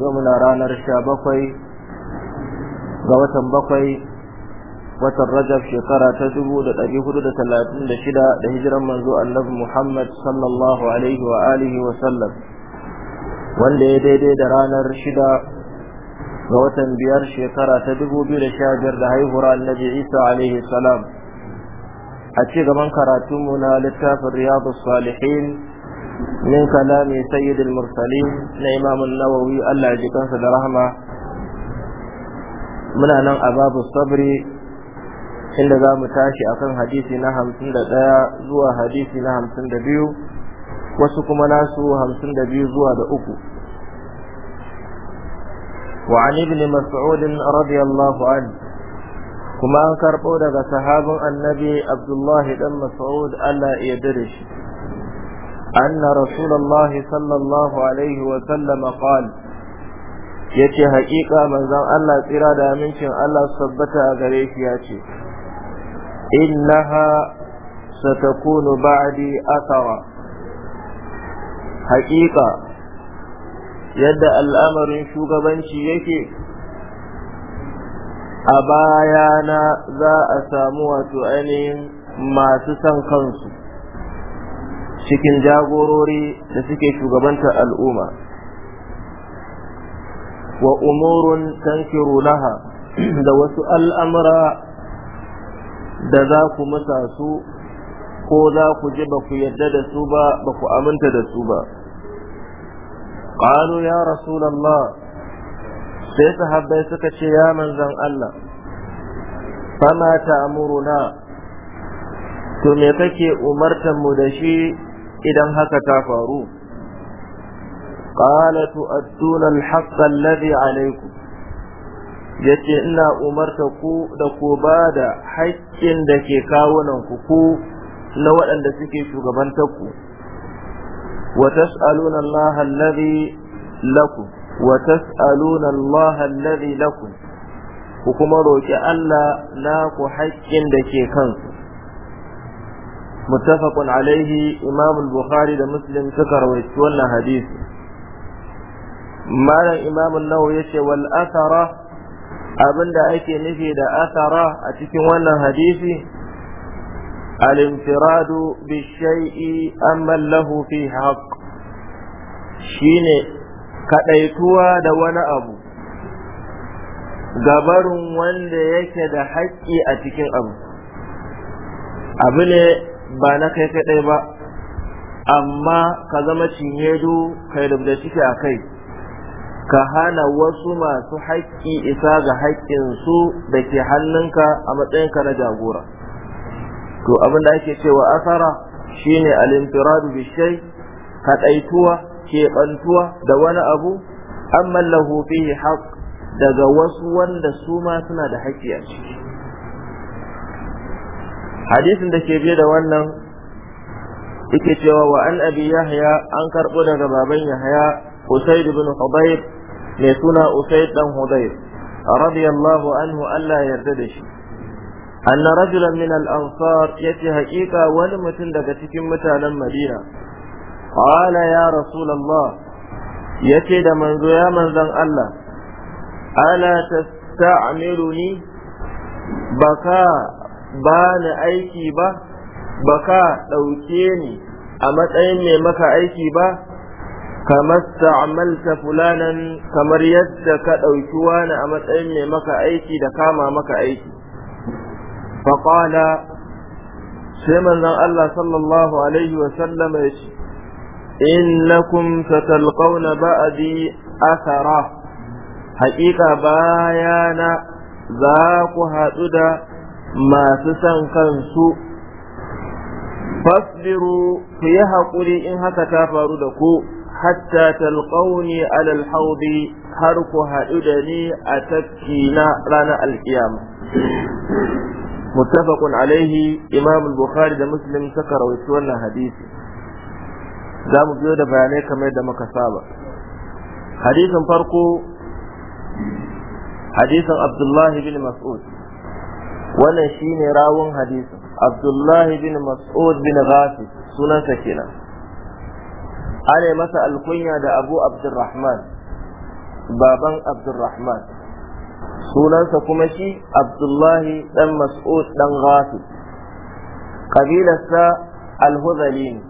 yau muna ranar sha bakwai ga watan bakwai watan rajab shekara ta dubu da ɗari hudu da talatin da shida da hijiran manzo annabi muhammad sallallahu alaihi wa alihi wa sallam wanda ya daidai da ranar shida ga watan biyar shekara ta dubu biyu da sha biyar da haihuwar annabi isa alaihi salam a ci gaban karatunmu na littafin riyadu salihin من كلام سيد المرسلين لإمام النووي الله يجيكم سد رحمة من أن أباب الصبر inda za mu tashi akan hadisi na hamsin da ɗaya zuwa hadisi na hamsin da biyu wasu kuma nasu hamsin da biyu zuwa da uku وعن ابن مسعود رضي الله عنه kuma an karɓo daga sahabin annabi abdullahi dan mas'ud Alla ya dare أن رسول الله صلى الله عليه وسلم قال yace haƙiƙa manzon Allah tsira da amincin Allah su tabbata a gare shi yace innaha satakunu ba'di athara haƙiƙa yadda al'amarin shugabanci yake a bayana za a samu wato ainihin masu son kansu cikin jagorori da suke shugabantar al'umma wa umurun tankiru laha da wasu al'amura da za ku masa su ko za ku ji ba ku yarda da su ba ba ku aminta da su ba ƙalu ya rasulallah sai sahabbai suka ce ya manzan Allah fama ta amuruna to me kake umartan mu da shi idan haka ta faru qala tu'adduna al haqq alladhi alaykum yace ina umarta ku da ku ba da haƙƙin da ke nan ku ku na waɗanda suke shugabantar ku wa tas'aluna Allah alladhi lakum wa tas'aluna Allah alladhi lakum ku kuma roki Allah na ku haƙƙin da ke kansu muttafaqun alaihi imam bukhari da muslim suka rawaici wannan hadisi malam imam an-nawawi yace wal athara abinda ake nufi da asara a cikin wannan hadisi al-infiradu bi shay'i amma lahu fi da wani abu gabarin wanda yake da haƙƙi a cikin abu abu ne ba na kai kaɗai ba amma ka zama cinyedo kai da ciki a kai ka hana wasu masu haƙƙi isa ga haƙƙinsu da ke hannunka a matsayinka na jagora to abin da ake cewa asara shine al-infiradu bi shay keɓantuwa da wani abu amma lahu fihi haqq daga wasu wanda su ma suna da haƙƙi a ciki hadisin da ke biye da wannan yake cewa wa an abi yahya an karbo daga baban Yahaya, usaid bin hudayr mai suna usaid dan hudayr radiyallahu anhu Allah yarda da shi anna rajulan min al-ansar yace haƙiƙa wani mutum daga cikin mutanen madina qala ya rasulullah yace da manzo ya manzon Allah ala tasta'miruni baka ba ni aiki ba ba ka ɗauke ni a matsayin mai maka aiki ba kamar sa'amalta fulanan kamar yadda ka ɗauki wani a matsayin mai maka aiki da kama maka aiki faƙala sai manzon Allah sallallahu alaihi wasallam ya ce innakum satalqawna ba'di athara haƙiƙa bayana za ku haɗu da masu san kansu fasbiru ku yi haƙuri in haka ta faru da ku hatta talqauni alal haudi har ku haɗu da ni a tafki na ranar alkiyama muttafaqun alaihi imam bukhari da muslim suka rawaito wannan hadisi za mu biyo da bayanai kamar yadda muka saba hadisin farko hadisin abdullahi bin mas'ud wannan shine rawun hadisi abdullahi bin mas'ud bin ghafi sunansa kenan ana masa alkunya da abu abdurrahman baban abdurrahman sunansa kuma shi abdullahi dan mas'ud dan ghafi kabilarsa alhuzali kabila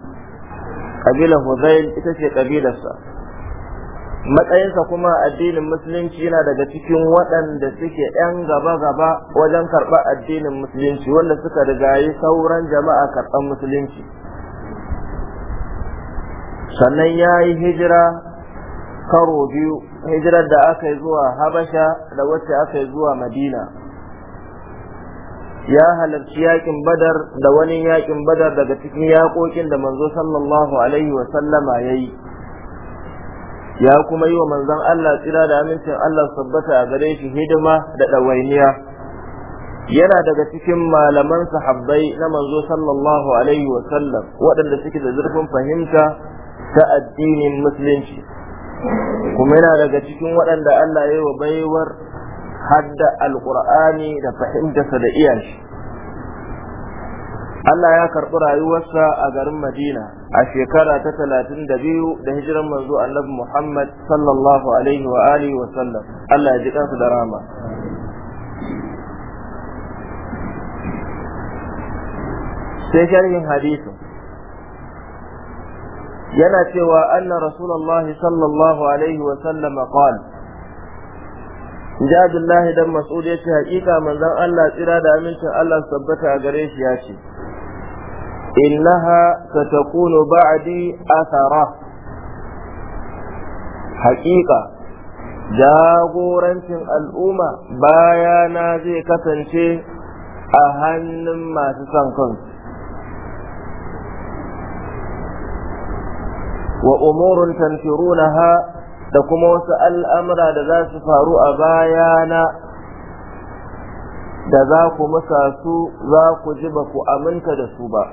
kabilar huzail ita ce kabilarsa matsayinsa kuma addinin musulunci yana daga cikin waɗanda suke 'yan gaba-gaba wajen karɓar addinin musulunci wanda suka riga yi sauran jama'a karɓar musulunci sannan ya yi hijira karo biyu hijirar da aka yi zuwa habasha da wacce aka yi zuwa madina ya halarci yakin badar da wani yakin badar daga cikin yaƙoƙin da manzo sallallahu alaihi wasallama ya yi ya kuma yi wa manzon Allah tsira da amincin Allah sabbata a gare shi hidima da ɗawainiya yana daga cikin malaman sahabbai na manzo sallallahu alaihi wa sallam waɗanda suke da zurfin fahimta ta addinin musulunci kuma yana daga cikin waɗanda Allah ya yi wa baiwar hadda alƙur'ani da fahimtarsa da iyashi Allah ya karɓi rayuwarsa a garin Madina a shekara ta talatin da biyu da hijiran manzo annabi Muhammad sallallahu alaihi wa alihi wa sallam Allah ya ji kansu da rama sai sharhin hadisin yana cewa anna rasulullah sallallahu alaihi wa sallam qal Jabir Allah dan Mas'ud ce hakika manzon Allah tsira da amincin Allah tabbata a gare shi ya ce. إنها ستكون بعدي أثرة حقيقة jagorancin al'umma bayana zai kasance a hannun masu son kansu wa umurun ha da kuma wasu al'amura da za su faru a bayana da za ku musa su za ku ji ba ku aminta da su ba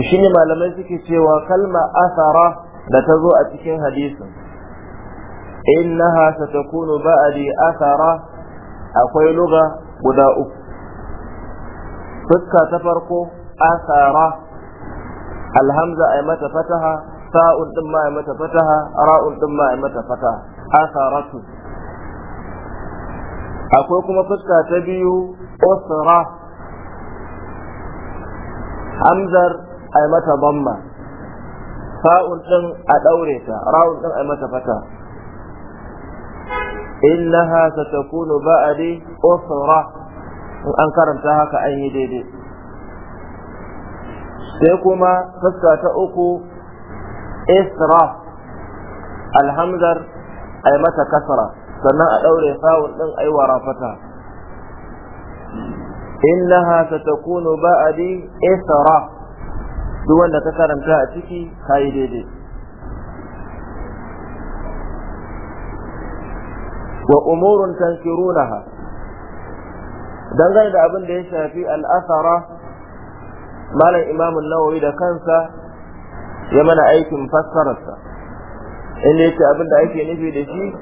to shine malamai suke cewa kalma asara da ta zo a cikin hadisin innaha satakunu ba'di asara akwai luga guda uku fuska ta farko asara alhamza ay mata fataha sa'un din ma ay mata fataha ra'un din ma ay mata fataha asaratu akwai kuma fuska ta biyu usra hamzar ai mata bamma fa'un din a daure ta ra'un din ai mata fata innaha satakunu ba'di usra in an karanta haka an yi daidai sai kuma fuska ta uku isra alhamdar ai mata kasra sannan a daure fa'un din ai warafata innaha satakunu ba'di isra duk wanda ka karanta a ciki ka yi daidai wa umurun tankirunaha dangane da abin da ya shafi al'asara malam imamun nawawi da kansa ya mana aikin fassararsa inda ya ce abin da ake nufi da shi ke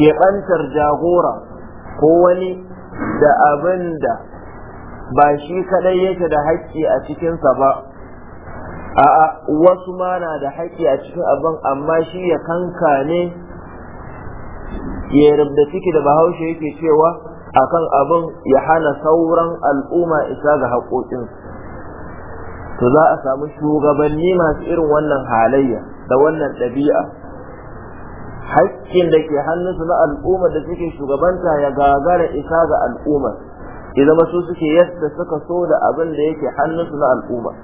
keɓantar jagora ko wani da abin da ba shi kaɗai yake da haƙƙi a cikinsa ba a'a wasu ma na da haƙƙi a cikin abin amma shi ya kanka ne ya rabda ciki da bahaushe yake cewa akan abin ya hana sauran al'umma isa ga haƙoƙin to za a samu shugabanni masu irin wannan halayya da wannan ɗabi'a haƙƙin da ke hannunsu na al'umma da suke shugabanta ya gagara isa ga al'umma izama su suke yadda suka so da abin da yake hannunsu na al'umma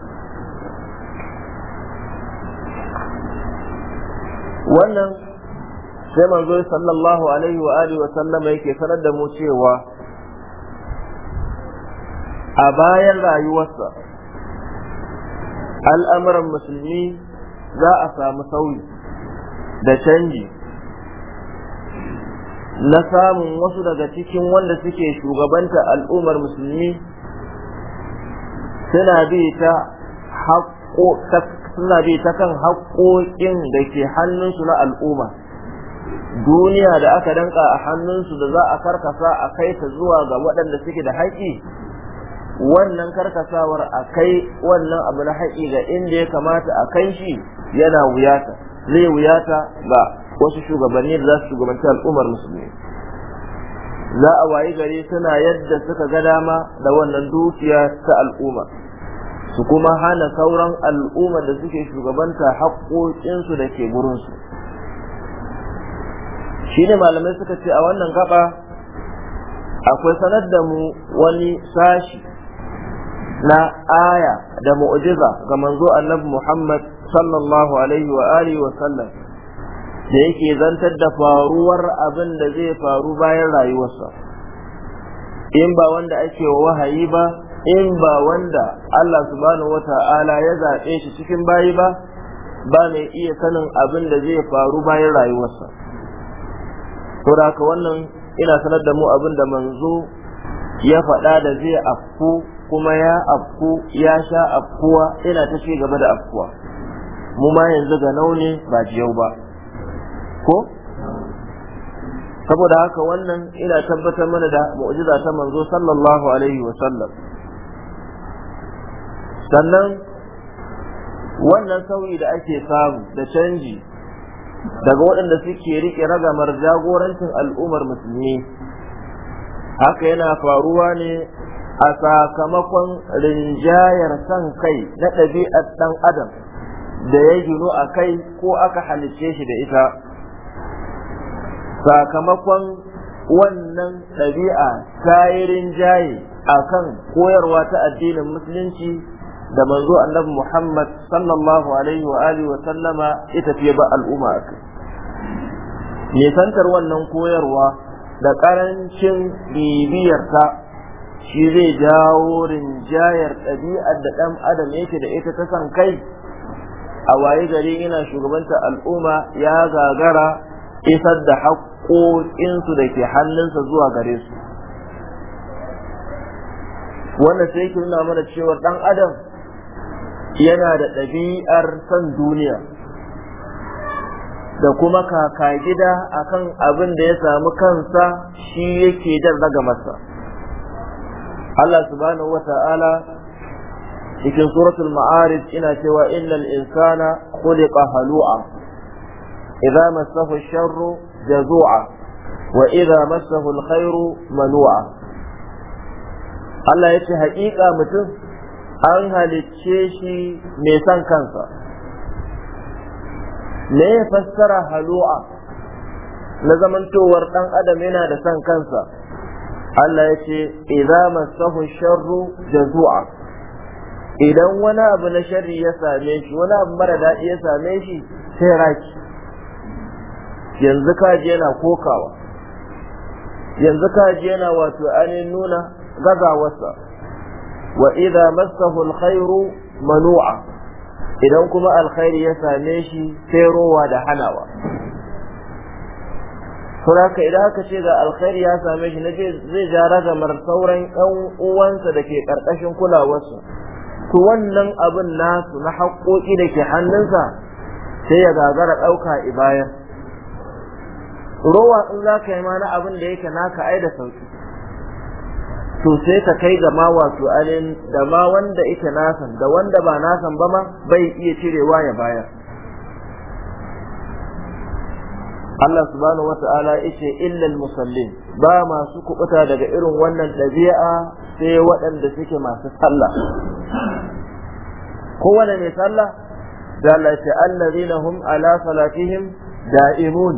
wannan sai manzo sallallahu alaihi wa alihi wa sallama yake sanar da mu cewa a bayan rayuwarsa al'amuran musulmi za a samu sauyi da canji na samun wasu daga cikin wanda suke shugabanta al'ummar musulmi suna bi ta suna bi ta kan haƙoƙin da ke hannunsu na al'umma duniya da aka danka a hannunsu da za a karkasa a kai ta zuwa ga waɗanda suke da haƙi wannan karkasawar a kai wannan abu na haƙi ga inda ya kamata a kai shi yana wuyata zai wuyata ga wasu shugabanni da za su shugabanci al'ummar musulmi za a wayi gari suna yadda suka ga dama da wannan dukiya ta al'umma su kuma hana sauran al'umma da suke shugabanta haƙoƙinsu da ke gurinsu shi ne malamai suka ce a wannan gaba akwai sanar da mu wani sashi na aya da mu'jiza ga manzo annabi Muhammad sallallahu alaihi wa alihi wa sallam da yake zantar da faruwar abin da zai faru bayan rayuwarsa in ba wanda ake wa wahayi ba in ba wanda Allah subhanahu ta'ala ya zaɓe shi cikin bayi ba ba mai iya sanin abin da zai faru bayan rayuwarsa to da haka wannan ina sanar da mu abin da manzo ya faɗa da zai afku kuma ya afku ya sha afkuwa ina ta ce gaba da afkuwa mu ma yanzu ga naune ba jiyau ba ko saboda haka wannan ina tabbatar mana da mu'jiza ta manzo sallallahu alaihi wa sallam sannan wannan sauyi da ake samu da canji daga waɗanda suke riƙe ragamar jagorancin al'ummar musulmi haka yana faruwa ne a sakamakon rinjayar san kai na ɗabi'ar ɗan adam da ya gino a kai ko aka halicce shi da ita sakamakon wannan ɗabi'a ta yi rinjaye a kan koyarwa ta addinin musulunci da manzo annabi Muhammad sallallahu alaihi wa alihi wa sallama ya tafi ba al'umma akai nisantar wannan koyarwa da karancin bibiyarta shi zai jawo rinjayar ɗabi'ar da ɗan adam yake da ita ta san kai a waye gari ina shugabanta al'umma ya gagara isar da haƙoƙinsu da ke hannunsa zuwa gare su wannan sai ke nuna mana cewa ɗan adam yana da ɗabi'ar son duniya da kuma kaka gida akan abin da ya samu kansa shi yake jan raga masa Allah subhanahu wa ta'ala cikin suratul ma'arif ina cewa innal insana khuliqa halu'a idza massahu sharru jazu'a wa idza massahu alkhairu manu'a Allah yace haƙiƙa mutum an halicce shi mai son kansa me ya fassara halu'a na zamantowar ɗan adam yana da son kansa Allah ya ce idan masahu sharru jazu'a idan wani abu na sharri ya same shi wani abu mara daɗi ya same shi sai raki yanzu kaji yana kokawa yanzu kaji yana wato ainihin nuna gazawarsa wa idza massahu alkhairu manu'a idan kuma alkhairi ya same shi sai rowa da hanawa Suraka idan ka ce ga alkhairi ya same shi na zai ja ragamar sauran ƴan uwansa da ke ƙarƙashin kulawarsa to wannan abin nasu na haƙoƙi da ke hannunsa sai ya gagara ɗauka ibaya rowa in za ka yi ma na abin da yake naka ai da sauki to sai ka kai ga wato alin da ma wanda ita nasan da wanda ba nasan ba ma bai iya cirewa ya bayar Allah subhanahu wata'ala yace illal musallin ba masu kubuta daga irin wannan ɗabi'a sai waɗanda suke masu sallah kowane mai sallah da Allah ya allazina hum ala salatihim da'imun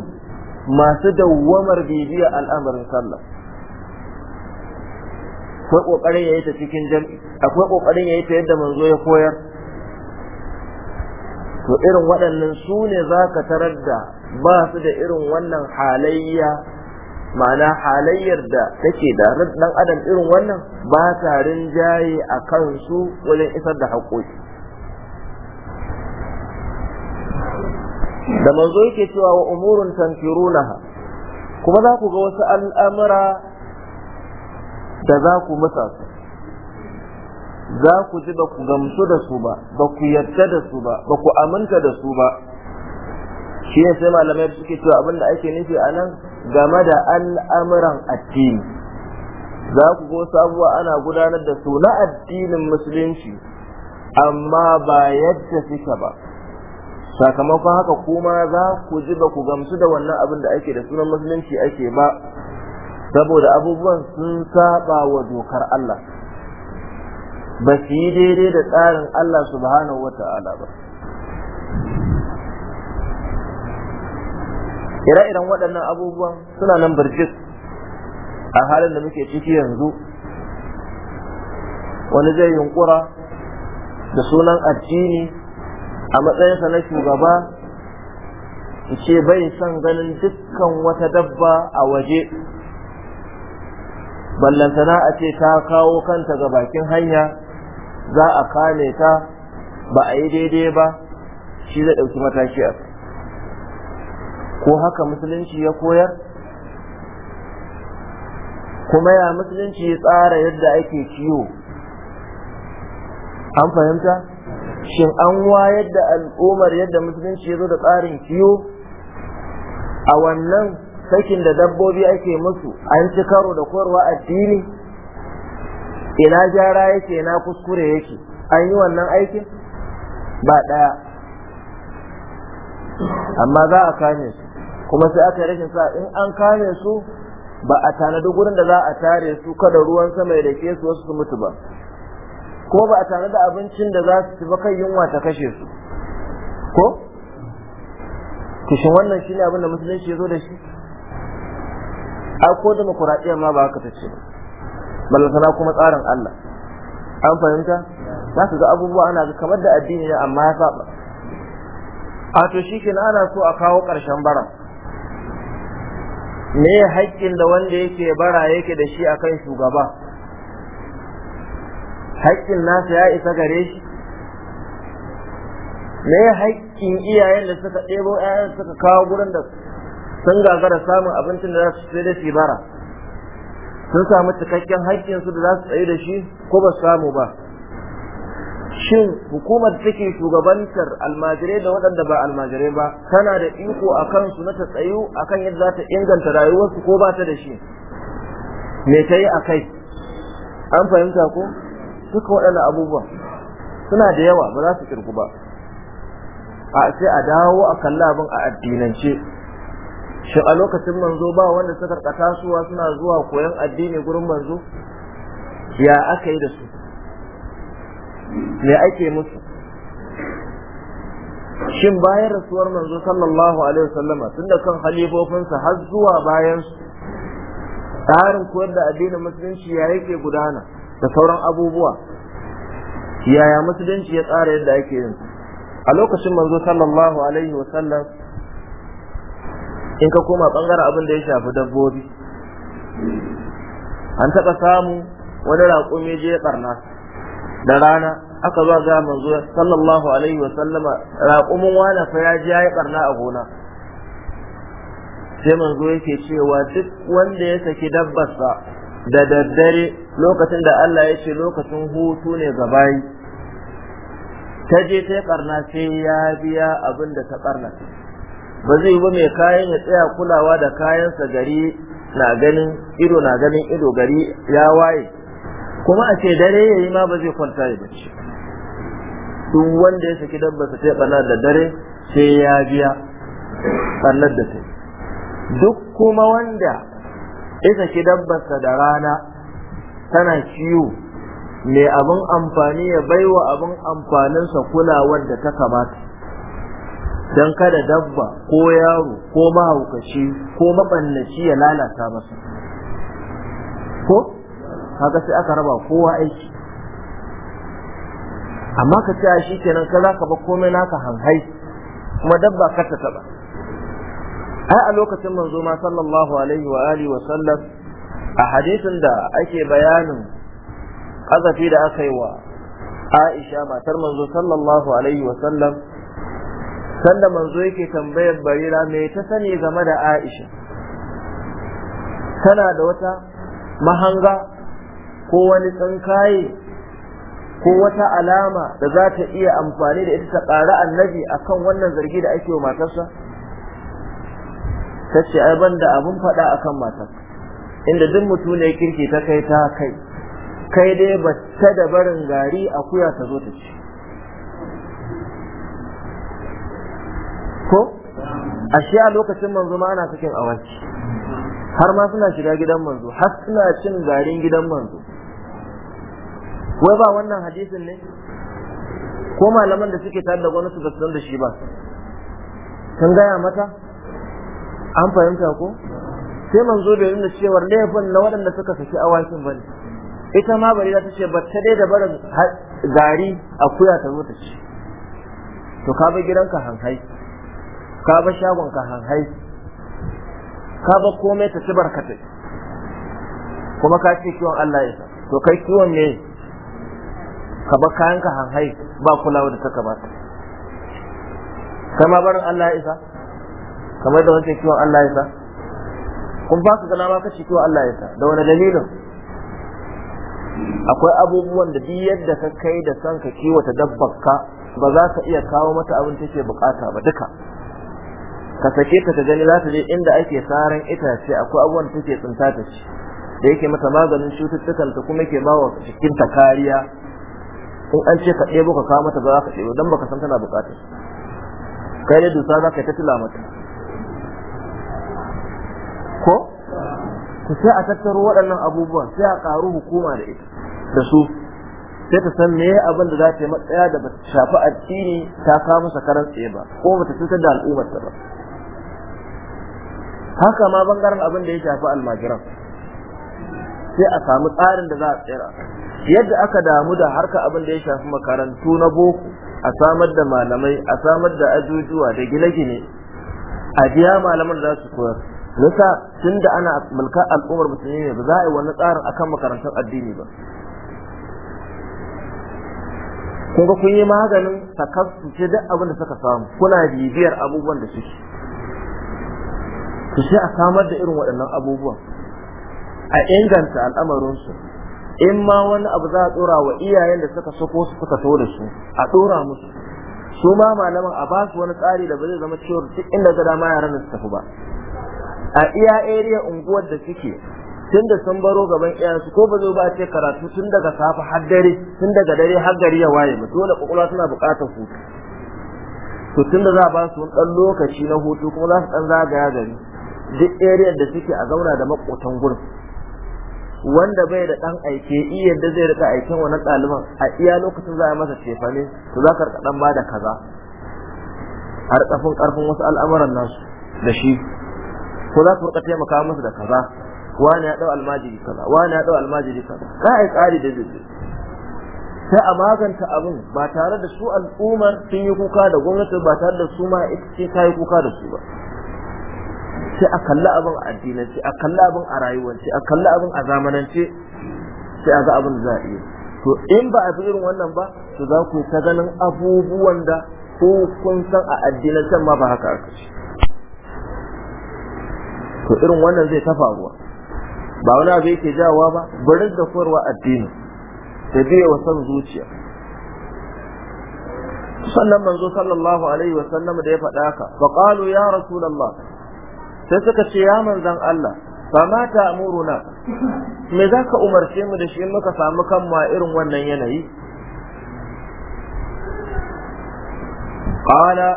masu dawwamar bibiya al'amarin sallah akwai kokarin yayi ta cikin jam'i akwai kokarin yayi ta yadda manzo ya koyar to irin waɗannan su ne zaka tarar da ba su da irin wannan halayya ma'ana halayyar da take da dan adam irin wannan ba ta rinjaye a kansu wajen isar da haƙoƙi da manzo yake cewa wa umurun tankirunaha kuma za ku ga wasu al'amura da za ku musa su za ku ji ba ku gamsu da su ba ba ku yarda da su ba ba ku aminta da su ba shi ne sai malamai suke cewa abin da ake nufi a nan game da al'amuran addini za ku go sabuwa ana gudanar da su na addinin musulunci amma ba yadda suka ba sakamakon haka kuma za ku ji ba ku gamsu da wannan abin da ake da sunan musulunci ake ba saboda abubuwan sun saba wa dokar Allah ba su yi daidai da tsarin Allah subhanahu wa ta'ala ba ire-iren waɗannan abubuwan suna nan birjik a halin da muke ciki yanzu wani zai yunkura da sunan addini a matsayinsa na shugaba ce bai son ganin dukkan wata dabba a waje ballantana a ce ta kawo kanta ga bakin hanya za a kame ta ba a yi daidai ba shi zai ɗauki mataki a ko haka musulunci ya koyar kuma ya musulunci ya tsara yadda ake ciwo an fahimta shin an wayar da al'ummar yadda musulunci ya zo da tsarin ciwo a wannan sakin da dabbobi ake musu an ci karo da koyarwa addini ina gyara yake na kuskure yake an yi wannan aikin ba ɗaya amma za a kame su kuma sai aka rashin sa in an kame su ba a tanadi gurin da za a tare su kada ruwan sama ya dake su wasu su mutu ba ko ba a tanadi abincin da za su ci ba yunwa ta kashe su ko kishin wannan ne abin da musulunci ya zo da shi ai ko demokuraɗiyyar ma ba haka ta ce ballasana kuma tsarin Allah an fahimta za su ga abubuwa ana ga kamar da addini ne amma ya saba a to shi ana so a kawo ƙarshen bara me haƙƙin da wanda yake bara yake da shi akan shugaba haƙƙin nasa ya isa gare shi me haƙƙin iyayen da suka ɗebo 'ya'yan suka kawo gurin da sun gagara samun abincin da za su sai da shi bara sun samu cikakken haƙƙinsu da za su tsaye da shi ko ba samu ba shin hukumar take shugabantar almajirai da waɗanda ba almajirai ba tana da iko a kansu na ta tsayu a kan yadda za ta inganta rayuwarsu ko ba ta da shi me ta yi a kai an fahimta ko duka waɗanda abubuwa suna da yawa ba za su kirku ba a sai a dawo a kalla abin a addinance shi a lokacin manzo ba wanda suka kasuwa suna zuwa koyon addini gurin manzo ya aka yi da su me ake musu shin bayan rasuwar manzo sallallahu alaihi wasallama tunda kan halifofinsa har zuwa bayan su tsarin koyar da addinin musulunci ya yake gudana da sauran abubuwa yaya musulunci ya tsara yadda ake yin a lokacin manzo sallallahu alaihi wasallam in ka koma bangaren abin da ya shafi dabbobi an taɓa samu wani raƙumi je ɓarna da rana aka zuwa ga manzo sallallahu alaihi wa sallama raƙumin wani fa ya je ya yi ɓarna a gona sai manzo yake cewa duk wanda ya saki dabbar sa da daddare lokacin da Allah ya ce lokacin hutu ne gabayi. bayi ta je ta yi sai ya biya abin da ta ɓarna ba zai yi ba mai kayan ya tsaya kulawa da kayansa gari na ganin ido na ganin ido gari ya waye kuma a ce dare ya yi ma ba zai kwanta ya bacci duk wanda ya saki dabba sa sai ɓanar da dare sai ya biya ɓanar da sai duk kuma wanda ya saki sa da rana tana ciwo mai abin amfani ya baiwa abin amfaninsa kulawar da ta kamata don kada dabba ko yaro ko mahaukaci ko mabannaci ya lalata masa ko haka sai aka raba kowa aiki amma ka ce shi kenan ka za ka ba komai naka hanhai kuma dabba kar ta taba ai a lokacin manzo ma sallallahu alaihi wa alihi wa sallam a hadisin da ake bayanin azafi da aka yi wa Aisha matar manzo sallallahu alaihi wa sallam sanda manzo yake tambayar barira me ta sani game da aisha tana da wata mahanga ko wani tsinkaye ko wata alama da za ta iya amfani da ita ta ƙara annabi akan wannan zargi da ake wa matarsa ta ce ai banda abin faɗa akan matar inda duk mutum ne kirki ta kai ta kai kai dai ba ta da barin gari akuya ta zo ta ci ko ashe a lokacin manzo ma ana cikin awanci har ma suna shiga gidan manzo har suna cin garin gidan manzo wai ba wannan hadisin ne ko malaman da suke tare da gwamnati ba su san da shi ba sun gaya mata an fahimta ko sai manzo bai nuna cewar laifin na waɗanda suka saki awakin ne. ita ma bari ta ce ba ta dai da barin gari akuya ta zo ta ci to ka bi gidanka hankali. ka ba shagon ka hanhai ka ba komai ta ci barkatai kuma ka ce kiwon Allah ya to kai kiwon ne ka ba kayan ka hanhai ba kulawa da ta kamata ma barin Allah ya isa kamar da wancan kiwon Allah ya isa kun ba su gana ma kace kiwon Allah ya isa da wani dalilin akwai abubuwan da duk yadda ka kai da son ka kiwata dabbar ka ba za ka iya kawo mata abin take bukata ba duka ka sake ta ka gani za ta je inda ake saran itace akwai abubuwan da take tsinta ta ci da yake mata maganin cututtukan ta kuma yake ba cikin ta kariya in an ce ka ɗebo ka kawo mata ba za ka ɗebo don baka san tana buƙatar kai ne dusa za ka yi ta tula mata ko ku sai a tattaro waɗannan abubuwan sai a ƙaru hukuma da ita da su sai ta san meye abin da za ta yi matsaya da ba ta shafi addini ta kawo masa karan tsaye ba ko ba ta cutar da al'ummarta ba haka ma bangaren abin da ya shafi almajiran sai a samu tsarin da za a tsira yadda aka damu da harka abin da ya shafi makarantu na boko a samar da malamai a samar da ajujuwa da gine-gine a biya malaman da za su koyar nisa tun da ana mulkar al'ummar musulmi ne ba za a yi wani tsarin akan makarantar addini ba kun ga kun yi maganin sakar ce duk abin da suka samu kuna bibiyar abubuwan da suke to sai a samar da irin waɗannan abubuwan a inganta al'amarinsu in ma wani abu za a ɗora wa iyayen da suka sako su suka to da su a ɗora musu su ma malaman a basu wani tsari da ba zai zama cewa duk inda ga dama yaran su tafi ba a iya area unguwar da suke tun da sun baro gaban iyayensu ko ba zo ba ce karatu tun daga safe har dare tun daga dare har gari ya waye ba dole kwakwalwa tana buƙatar hutu to tun da za a ba wani ɗan lokaci na hutu kuma za su ɗan zagaya gari duk area da suke a zauna da makotan gurin wanda bai da dan aike iya da zai rika aiken wannan ɗaliban a iya lokacin za a masa cefane to za ka rika dan bada kaza har kafin karfin wasu al'amuran nasu da shi ko za ka rika taimaka musu da kaza wani ya dau almajiri kaza wani ya dau almajiri kaza ka ai tsari da zai sai a maganta abin ba tare da su al'ummar sun yi kuka da gwamnati ba tare da su ma ita ce ta yi kuka da su ba sai a kalli abin a addinance a kalli abin a rayuwance a kalli abin a zamanance sai a ga abin da za a iya to in ba a fi irin wannan ba to za ku ta ganin abubuwan da ko kun san a addinancen ma ba haka aka ce to irin wannan zai ta faruwa ba wani abu yake jawa ba barin da koyarwa addini da biya wa san zuciya sannan manzo sallallahu alaihi wa sallam da ya faɗa haka fa qalu ya rasulullah sai suka ce ya manzan Allah fa ma amuruna me zaka umarce mu da shi in muka samu kanmu a irin wannan yanayi qala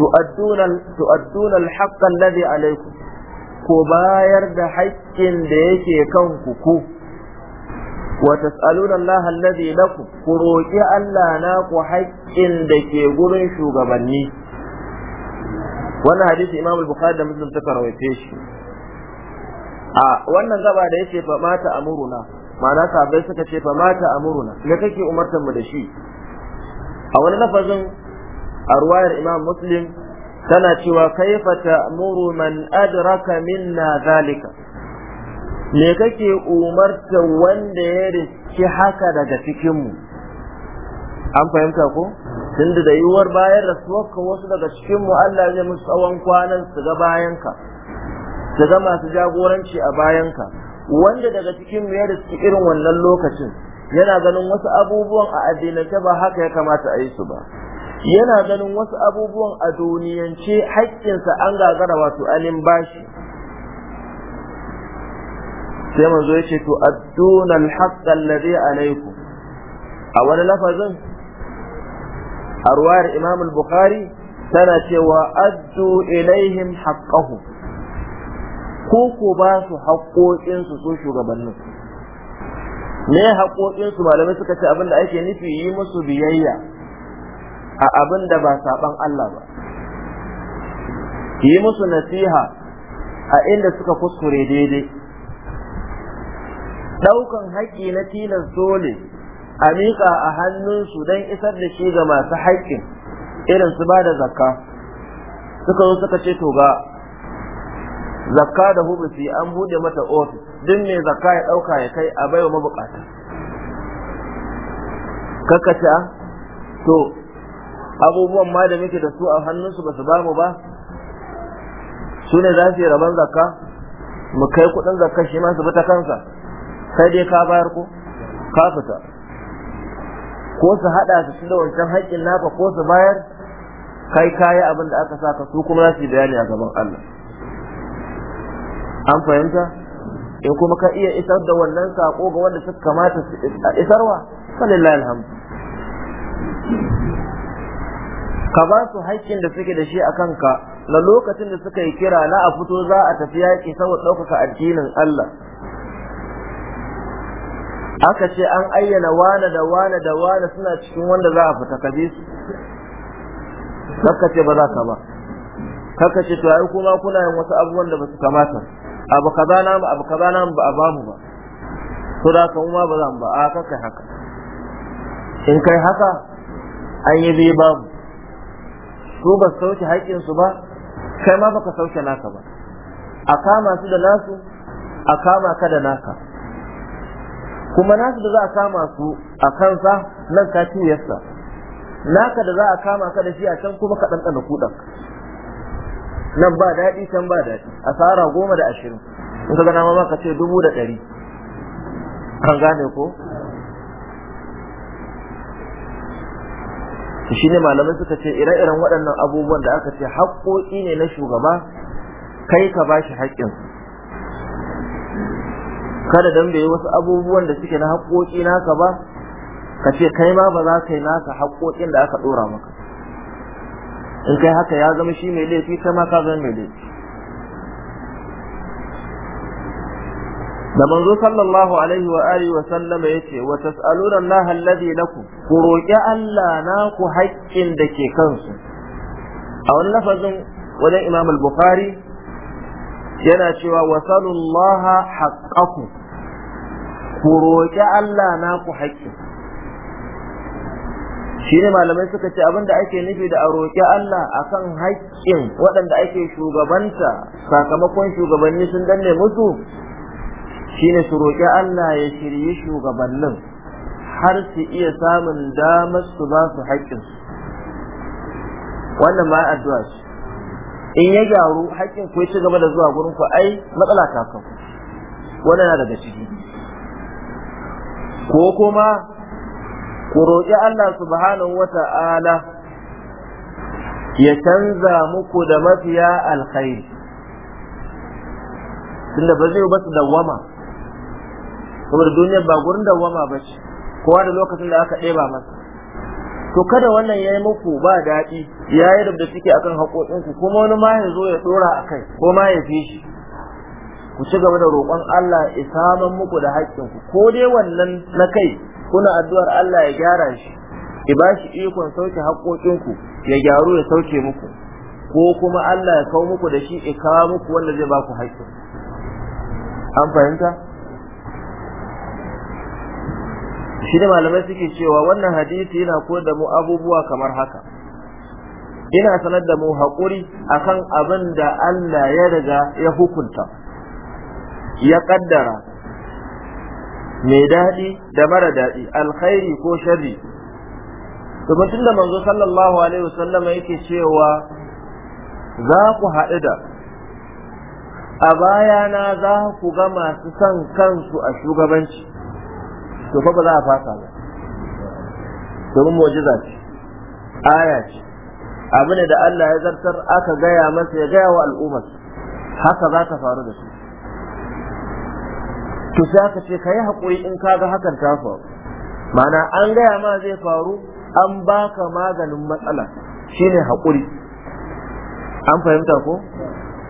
tu'adduna tu'adduna al-haqqa alladhi alaykum ko bayar da haƙƙin da yake kanku ku wa tas'aluna Allah alladhi lakum ku roƙi Allah na ku haƙƙin da ke gurin shugabanni wannan hadisi imam al-bukhari da muslim suka rawaice shi a wannan gaba da yace fa mata amuruna ma'ana sahabbai suka ce fa mata amuruna me kake umartan mu da shi a wani lafazin a ruwayar imam muslim tana cewa kaifa ta'muru man adraka minna zalika me kake umartan wanda ya riski haka daga cikin mu an fahimta ko tunda da yiwuwar bayan rasuwarka wasu daga cikin Allah zai musu tsawon kwanan su ga bayanka su ga masu jagoranci a bayanka wanda daga cikin mu ya su irin wannan lokacin yana ganin wasu abubuwan a addinance ba haka ya kamata a yi su ba yana ganin wasu abubuwan a duniyance haƙƙinsa an gagara wato alin bashi sai manzo ya ce to adduna alhaqqa alladhi alaykum a wani lafazin a imam al-bukhari tana cewa addu ilaihim haqqahu ko ko ba su haƙoƙinsu su shugabannin me su malamai suka ce abinda ake nufi yi musu biyayya a abin da ba saɓan Allah ba yi musu nasiha a inda suka kuskure daidai ɗaukan haƙƙi na tilan dole a miƙa a hannunsu don isar da shi ga masu haƙƙin irin su ba da zakka suka zo suka ce to ga zakka da hubusi an buɗe mata ofis duk mai zakka ya ɗauka ya kai a baiwa mabukata kakata to abubuwan ma da muke da su a hannunsu ba su ba mu ba su ne za su yi rabon zakka mu kai kuɗin zakka shi ma su bi ta kansa kai dai ka bayar ko ka fita ko su hada su ci da wancan haƙƙin naka ko su bayar kai kayi abin da aka saka su kuma za su yi bayani a gaban Allah an fahimta in kuma ka iya isar da wannan sako ga wanda suka kamata su isarwa falillahi alhamdu ka ba su haƙƙin da suke da shi a kanka na lokacin da suka yi kira na a fito za a tafi yaƙi saboda ɗaukaka addinin Allah aka ce an ayyana wane da wane da wane suna cikin wanda za a fita kaje su kakka ce ba za ka ba kakka ce to ai kuma kuna yin wasu abubuwan da ba su kamata abu kaza na mu abu kaza na mu ba a bamu ba to da ka ma ba zan ba a kai haka in kai haka an yi bai mu su ba su sauke haƙƙin su ba kai ma baka sauke naka ba a kama su da nasu a kama ka da naka kuma nasu da za a kama su a kansa nan ka ciyarsa naka da za a kama ka da shi a can kuma ka ɗanɗana kuɗan nan ba daɗi can ba daɗi asara goma da ashirin in ka gana ma ka ce dubu da ɗari an gane ko shi ne malamai suka ce ire-iren waɗannan abubuwan da aka ce haƙƙoƙi ne na shugaba kai ka bashi haƙƙinsu kada dan bai wasu abubuwan da suke na haƙoƙi naka ba ka ce kai ma ba za ka yi naka haƙoƙin da aka ɗora maka in kai haka ya zama shi mai laifi kai ma ka zama mai laifi da manzo sallallahu alaihi wa alihi wa sallama yace wa tas'aluna Allah alladhi lakum ku roki Allah naku haƙƙin da ke kansu a wani lafazin wajen Imam al-Bukhari yana cewa wa haqqakum ku roƙi Allah na ku haƙƙin shi malamai suka ce abin da ake nufi da a roƙi Allah akan haƙƙin waɗanda ake shugabanta sakamakon shugabanni sun danne musu shi ne su roƙi Allah ya shirye shugabannin har su iya samun damar su ba su haƙƙinsu wannan ma addu'a ce in ya gyaru haƙƙin ku ya ci gaba da zuwa gurin ku ai matsala ta kan wannan na daga ciki ko kuma ku roƙi Allah subhanahu wa ta'ala ya canza muku da mafiya alkhairi tunda ba zai ba su dawwama saboda duniya ba gurin dawama ba ce kowa da lokacin da aka ɗeba masa to kada wannan ya yi muku ba daɗi ya yi da suke akan haƙoƙinku kuma wani ma ya ya ɗora a kai ko ma ya fi shi ku ci gaba da roƙon Allah ya saman muku da haƙƙin ku ko dai wannan na kai kuna addu'ar Allah ya gyara shi ya ba shi ikon sauke haƙƙoƙin ku ya gyaru ya sauke muku ko kuma Allah ya kawo muku da shi ya kawo muku wanda zai ba ku haƙƙin an fahimta shi da malamai suke cewa wannan hadisi yana koyar da mu abubuwa kamar haka ina sanar da mu haƙuri akan abin da Allah ya riga ya hukunta ya kaddara mai daɗi da mara daɗi alkhairi ko sharri to mutum da manzo sallallahu alaihi wasallam yake cewa za ku haɗu da a baya na za ku ga masu son kansu a shugabanci to fa ba za a fasa ba domin mu'jiza ce aya ce abu ne da Allah ya zartar aka gaya masa ya gaya wa al'ummar haka za ta faru da su to sai aka ce kai hakuri in kaga hakan ta faru mana an gaya ma zai faru an baka maganin matsala shine hakuri an fahimta ko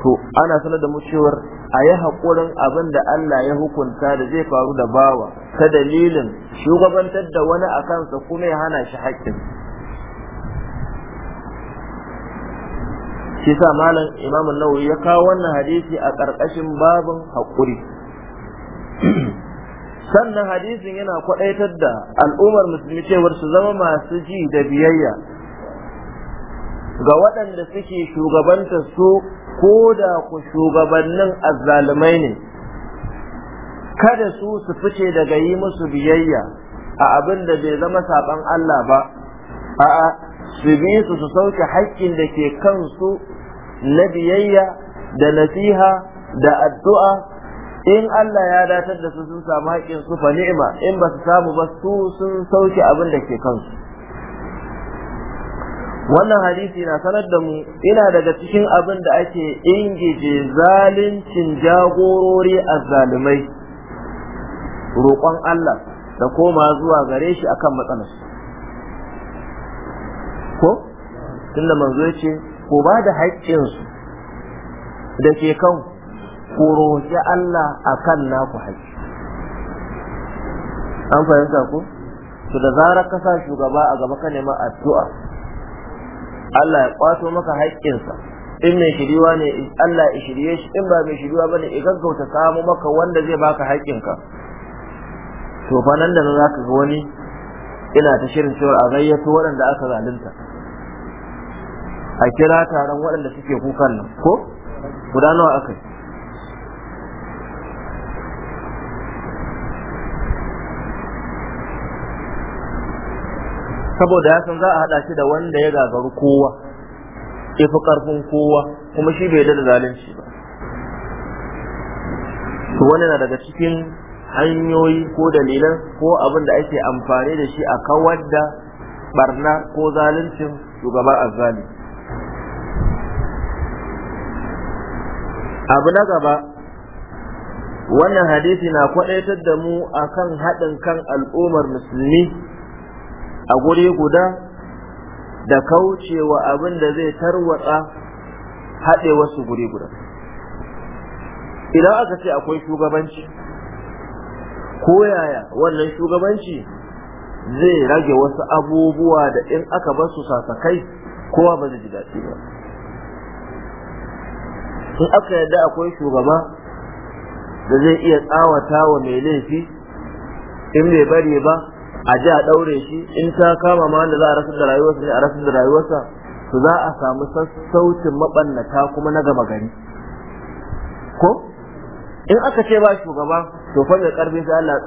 to ana sanar da mu cewar a yi haƙurin abin da Allah ya hukunta da zai faru da bawa ta dalilin shugabantar da wani a kansa kuma ya hana shi haƙƙin shi sa malam imamun nawawi ya kawo wannan hadisi a ƙarƙashin babin haƙuri sannan hadisin yana kwadaitar da al'ummar musulmi cewar su zama masu ji da biyayya ga waɗanda suke shugabanta su ko da ku shugabannin azzalumai ne kada su su fice daga yi musu biyayya a abin da bai zama saban Allah ba a'a su bi su su sauke haƙƙin da ke kansu na biyayya da nasiha da addu'a in Allah ya datar da su sun samu haƙƙin su fa ni'ima in ba su samu ba su sun sauke abin da ke kansu wannan hadisi na sanar da mu ina daga cikin abin da ake ingije zaluncin jagorori a zalumai roƙon Allah da koma zuwa gare shi akan matsalar ko tunda manzo ya ce ko ba da haƙƙinsu da ke kanku ku roƙi Allah akan naku haƙƙi an fahimta ku to da zarar ka sa shugaba a gaba ka nema addu'a Allah ya kwato maka haƙƙinsa in mai shiriwa ne Allah ya shirye shi in ba mai shiriwa bane ya gaggauta samu maka wanda zai baka haƙƙinka to fa nan da nan zaka ga wani ina ta shirin cewa a gayyato waɗanda aka zalunta a kira taron waɗanda suke kukan nan ko guda nawa aka yi saboda ya san za a haɗa shi da wanda ya gagaru kowa ya fi ƙarfin kowa kuma shi bai da zalunci ba to wani na daga cikin hanyoyi ko dalilan ko abin da ake amfani da shi a kawar da barna ko zaluncin shugaban azali abu na gaba wannan hadisi na kwadaitar da mu akan haɗin kan al'ummar musulmi a guri guda da kaucewa abin da zai tarwatsa haɗe wasu guri guda idan aka ce akwai shugabanci ko yaya wannan shugabanci zai rage wasu abubuwa da in aka bar su sasakai kowa ba zai ji daɗi ba in aka yadda akwai shugaba da zai iya tsawata wa mai laifi in bai bari ba a ji a ɗaure shi in ta kama ma wanda za a rasu da rayuwarsa ne a rasu da rayuwarsa su za a samu sassaucin maɓannata kuma na gama gari ko in aka ce ba shugaba to fa mai karfi sai Allah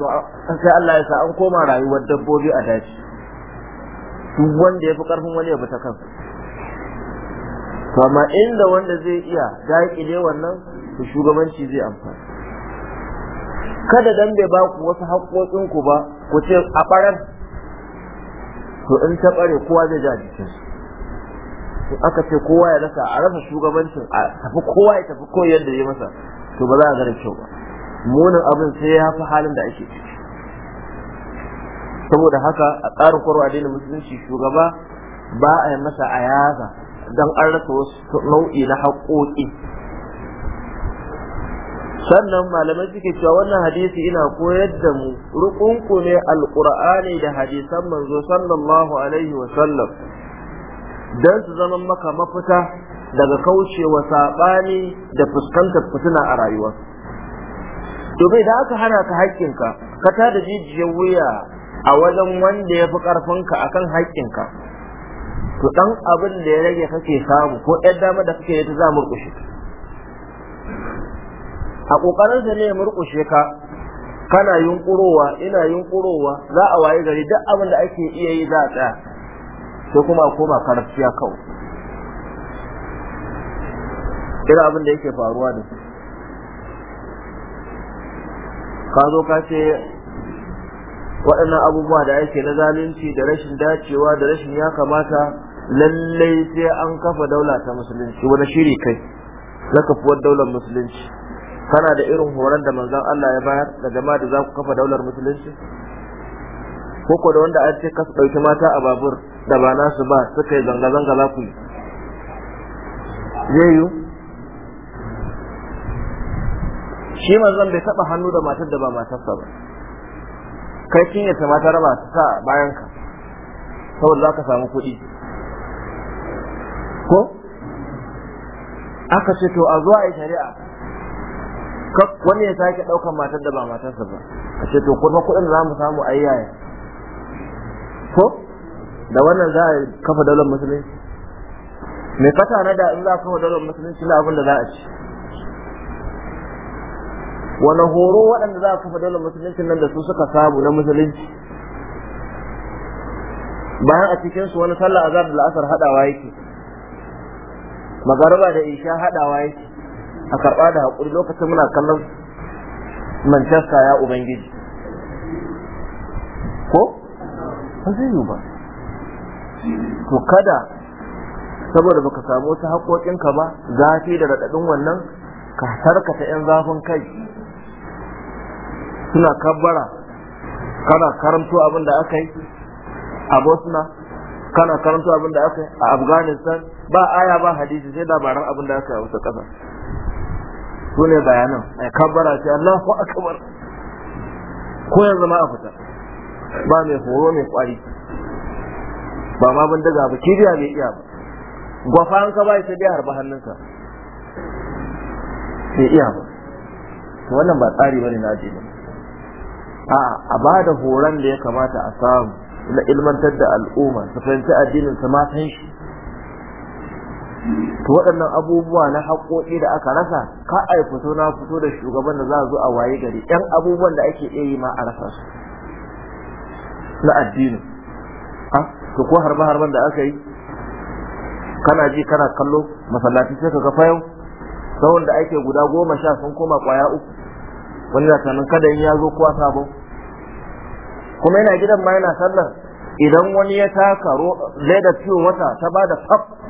sai Allah ya sa an koma rayuwar dabbobi a daji duk wanda ya fi karfin wani ya fita kansa to amma inda wanda zai iya daƙile wannan to shugabanci zai amfani kada dan bai ba ku wasu haƙoƙin ku ba ku ce a ɓarar to in ta ɓare kowa zai ja jikin in aka ce kowa ya rasa a rasa shugabancin a tafi kowa ya tafi koyi yadda ya masa to ba za a gane kyau ba munin abin sai ya fi halin da ake ciki saboda haka a tsarin kwarwa addinin musulunci shugaba ba a yi masa a ayaza don an rasa wasu nau'i na haƙoƙi sannan malamai suke cewa wannan hadisi ina koyar da mu rukunku ne alqur'ani da hadisan manzo sallallahu alaihi wa sallam dan su zama maka mafita daga kaucewa sabani da fuskantar fitina a rayuwa to bai da aka hana ka haƙƙinka ka ta da jijiyar wuya a wajen wanda yafi fi ƙarfinka akan haƙƙinka to dan abin da ya rage kake samu ko ɗan dama da kake ta za murƙushe a kokarin ne ya murkushe ka kana yunkurowa ina yunkurowa za a waye gari duk abin da ake iya yi za a tsaya sai kuma a koma karfiya kawai irin abin da yake faruwa da su ka zo ka ce waɗannan abubuwa da ake na zalunci da rashin dacewa da rashin ya kamata lallai sai an kafa daula ta musulunci wani shiri kai na kafuwar daular musulunci kana da irin horon da manzon Allah ya bayar da jama'a da za ku kafa daular musulunci ko da wanda an ce kasu ɗauki mata a babur da ba nasu ba suka yi zanga-zanga za ku yi zai shi manzon bai taɓa hannu da matar da ba matarsa ba kai kin yadda mata raba su sa bayan ka saboda za ka samu kuɗi ko aka ce to a zuwa a shari'a kaf wani ya sake ɗaukar matar da ba matarsa ba a ce to kuma kuɗin za mu samu ayyaya. ko da wannan za a kafa daular musulunci Me kasa na da in za a kafa daular musulunci na abin da za a ci wani horo waɗanda za a kafa daular musulunci nan da su suka samu na musulunci bayan a cikinsu wani sallah azhar da la'asar haɗawa yake magaraba da isha haɗawa yake a karɓa da haƙuri lokacin muna kallon manchester ya ubangiji ko ba zai yi ba to kada saboda baka samu wasu haƙoƙinka ba zafi da raɗaɗin wannan ka tarkata 'yan zafin kai suna kabbara kana karanto abin da aka yi a bosna kana karanto abin da aka yi a afghanistan ba aya ba hadisi sai labaran abin da aka yi a wasu ƙasa su ne bayanan mai kabbara ce Allahu akbar ko ya zama a fita ba mai horo mai kwari ba ma ban daga ba kiriya ne iya ba gwafa an ka ba sai dai harba hannunsa bai iya ba wannan ba tsari bane na ba. a a ba da horon da ya kamata a samu na ilmantar da al'umma su fahimci addinin su ma san shi to waɗannan abubuwa na haƙoƙi da aka rasa ka ai fito na fito da shugaban da za zo a waye gari ɗan abubuwan da ake iya yi ma a rasa su na addini a to ko harba harban da aka yi kana ji kana kallo masallaci sai ka ga fayau sauran da ake guda goma sha sun koma kwaya uku wani na sanin kada in ya zo kuwa sabo kuma yana gidan ma yana sallar idan wani ya taka leda ciwon wata ta bada fab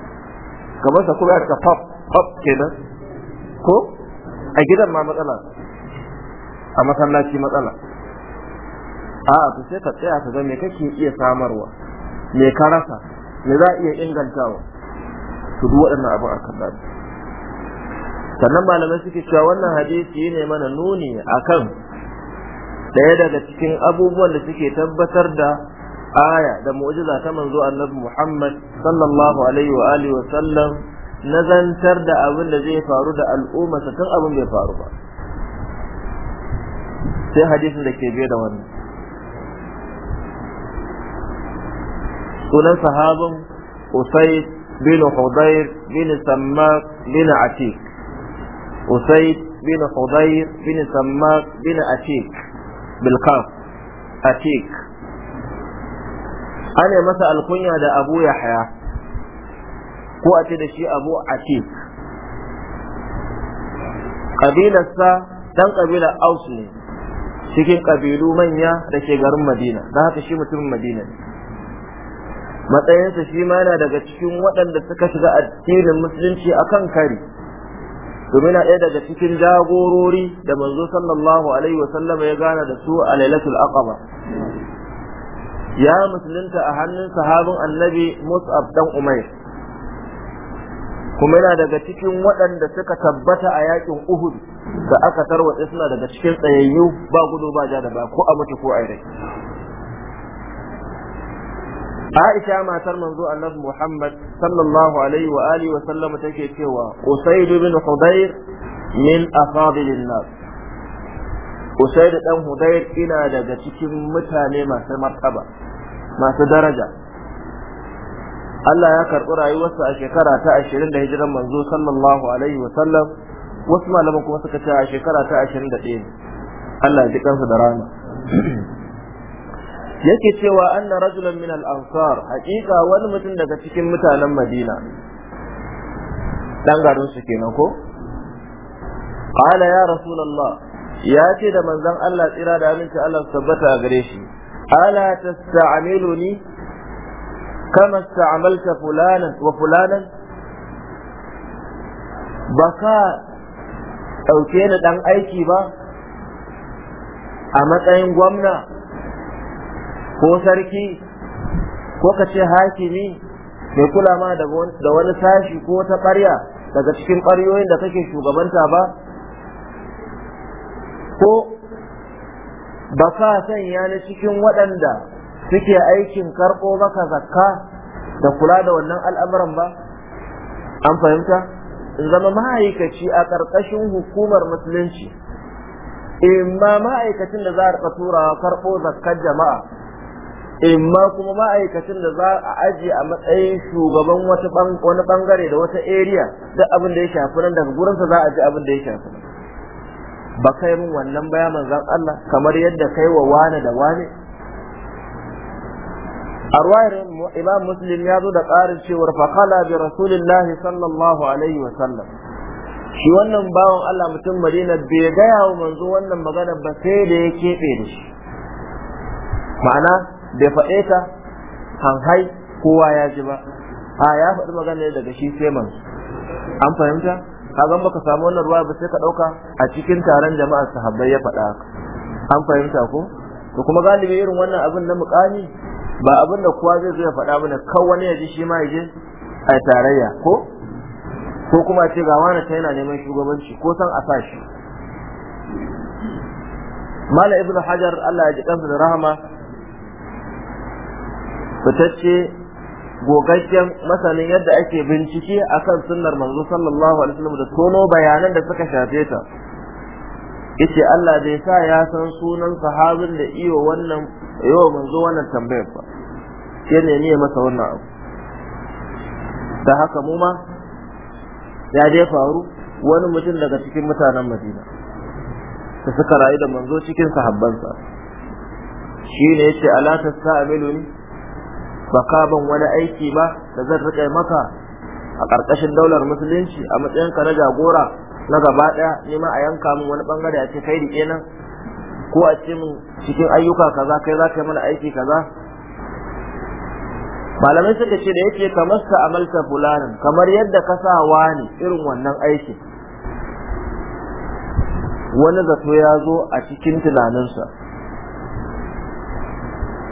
kamar sa kuma ka pop pop kenan ko a gidan ma matsala a masallaci matsala a'a to sai ka tsaya ka ga me kake iya samarwa me ka rasa me za iya ingantawa to duk waɗannan abu a kan sannan malamai suke cewa wannan hadisi ne mana nuni akan ɗaya daga cikin abubuwan da suke tabbatar da aya da mu'jiza ta manzo annabi Muhammad sallallahu alaihi wa alihi wa sallam nazantar da abin da zai faru da al'umma ta kan abin bai faru ba sai hadisin da ke biye da wannan sunan sahabin Usaid bin Hudayr bin Sammak bin Atik Usaid bin Hudayr bin Sammak bin Atik bil Atik ana masa alkunya da abu ya haya, ko a ce da shi abu a ce. ƙabilarsa ɗan ƙabilar aus ne cikin ƙabilu manya da ke garin madina don haka shi mutumin madina matsayinsa shi ma yana daga cikin waɗanda suka shiga addinin musulunci a kan kari domin a ɗaya daga cikin jagorori da manzo sallallahu alaihi wa sallama ya gana da su a lailatul aqaba ya musulunta a hannun sahabin annabi mus'ab dan umair kuma yana daga cikin waɗanda suka tabbata a yakin uhud da aka tarwatsa suna daga cikin tsayayyu ba gudu ba ja da ba ko a mutu ko a rai Aisha matar manzo Annabi Muhammad sallallahu alaihi wa alihi wa sallam take cewa Usayd bin Hudayr min afadilin nas Usaid dan Hudayr ina daga cikin mutane masu martaba masu daraja Allah ya karɓi rayuwarsa a shekara ta ashirin da hijiran manzo sallallahu alaihi wa sallam wasu malaman kuma suka ce a shekara ta ashirin da ɗaya Allah ya ji kansa da rana yake cewa anna rajulan min al-ansar hakika wani mutum daga cikin mutanen Madina dan garin su kenan ko qala ya rasulullah ya ce da manzan Allah tsira da aminci Allah su tabbata a gare shi ala tasta'amiluni kama sta'amalta fulanan wa fulanan ba ka ɗauke ni ɗan aiki ba a matsayin gwamna ko sarki ko ka ce hakimi mai kula ma da wani sashi ko ta ƙarya daga cikin ƙaryoyin da kake shugabanta ba ko ba ka sanya ni cikin waɗanda suke aikin karɓo maka zakka da kula da wannan al'amuran ba an fahimta in zama ma'aikaci a ƙarƙashin hukumar musulunci imma ma'aikacin da za a turawa karɓo zakkar jama'a imma kuma ma'aikacin da za a ajiye a matsayin shugaban wata wani bangare da wata area duk abin da ya shafi nan daga gurinsa za a ji abin da ya shafi ba kai mun wannan baya manzan Allah kamar yadda kai wa wane da wane a imam muslim ya zo da karin cewar fakala bi rasulillahi sallallahu alaihi wa sallam shi wannan bawan Allah mutum Madina bai gaya wa manzo wannan magana ba sai da ya keɓe da shi ma'ana bai faɗe ta hanhai kowa ya ji ba a ya faɗi magana daga shi sai manzo an fahimta kaga ka samu wannan ruwa ba sai ka dauka a cikin taron jama'ar sahabbai ya faɗa an fahimta ko to kuma galibi irin wannan abin na mukami ba abin da kowa zai zo ya faɗa mana kawai wani ya ji shi ma ya je a tarayya ko ko kuma ce ga wani ta yana neman shugabanci ko san a sa shi mala ibnu hajar Allah ya ji kansa da rahama fitacce gogaggen masanin yadda ake bincike akan sunnar manzo sallallahu alaihi wasallam da tono bayanan da suka shafe ta yace Allah bai sa ya san sunan sahabin da iyo wannan yawa manzo wannan tambayar ba sai ne ne masa wannan abu da haka mu ma ya dai faru wani mutum daga cikin mutanen Madina da suka rayu da manzo cikin sahabbansa shi ne yace ala tasailuni baka ban wani aiki ba da zan rika maka a ƙarƙashin daular musulunci a matsayin ka na jagora na gaba ne nema a yanka min wani bangare a ce kai rike nan ko a ce min cikin ayyuka kaza kai za ka yi mana aiki kaza malamai suka ce da yake kamar sa amalta fulanin kamar yadda ka sa wani irin wannan aiki. wani zato ya zo a cikin tunaninsa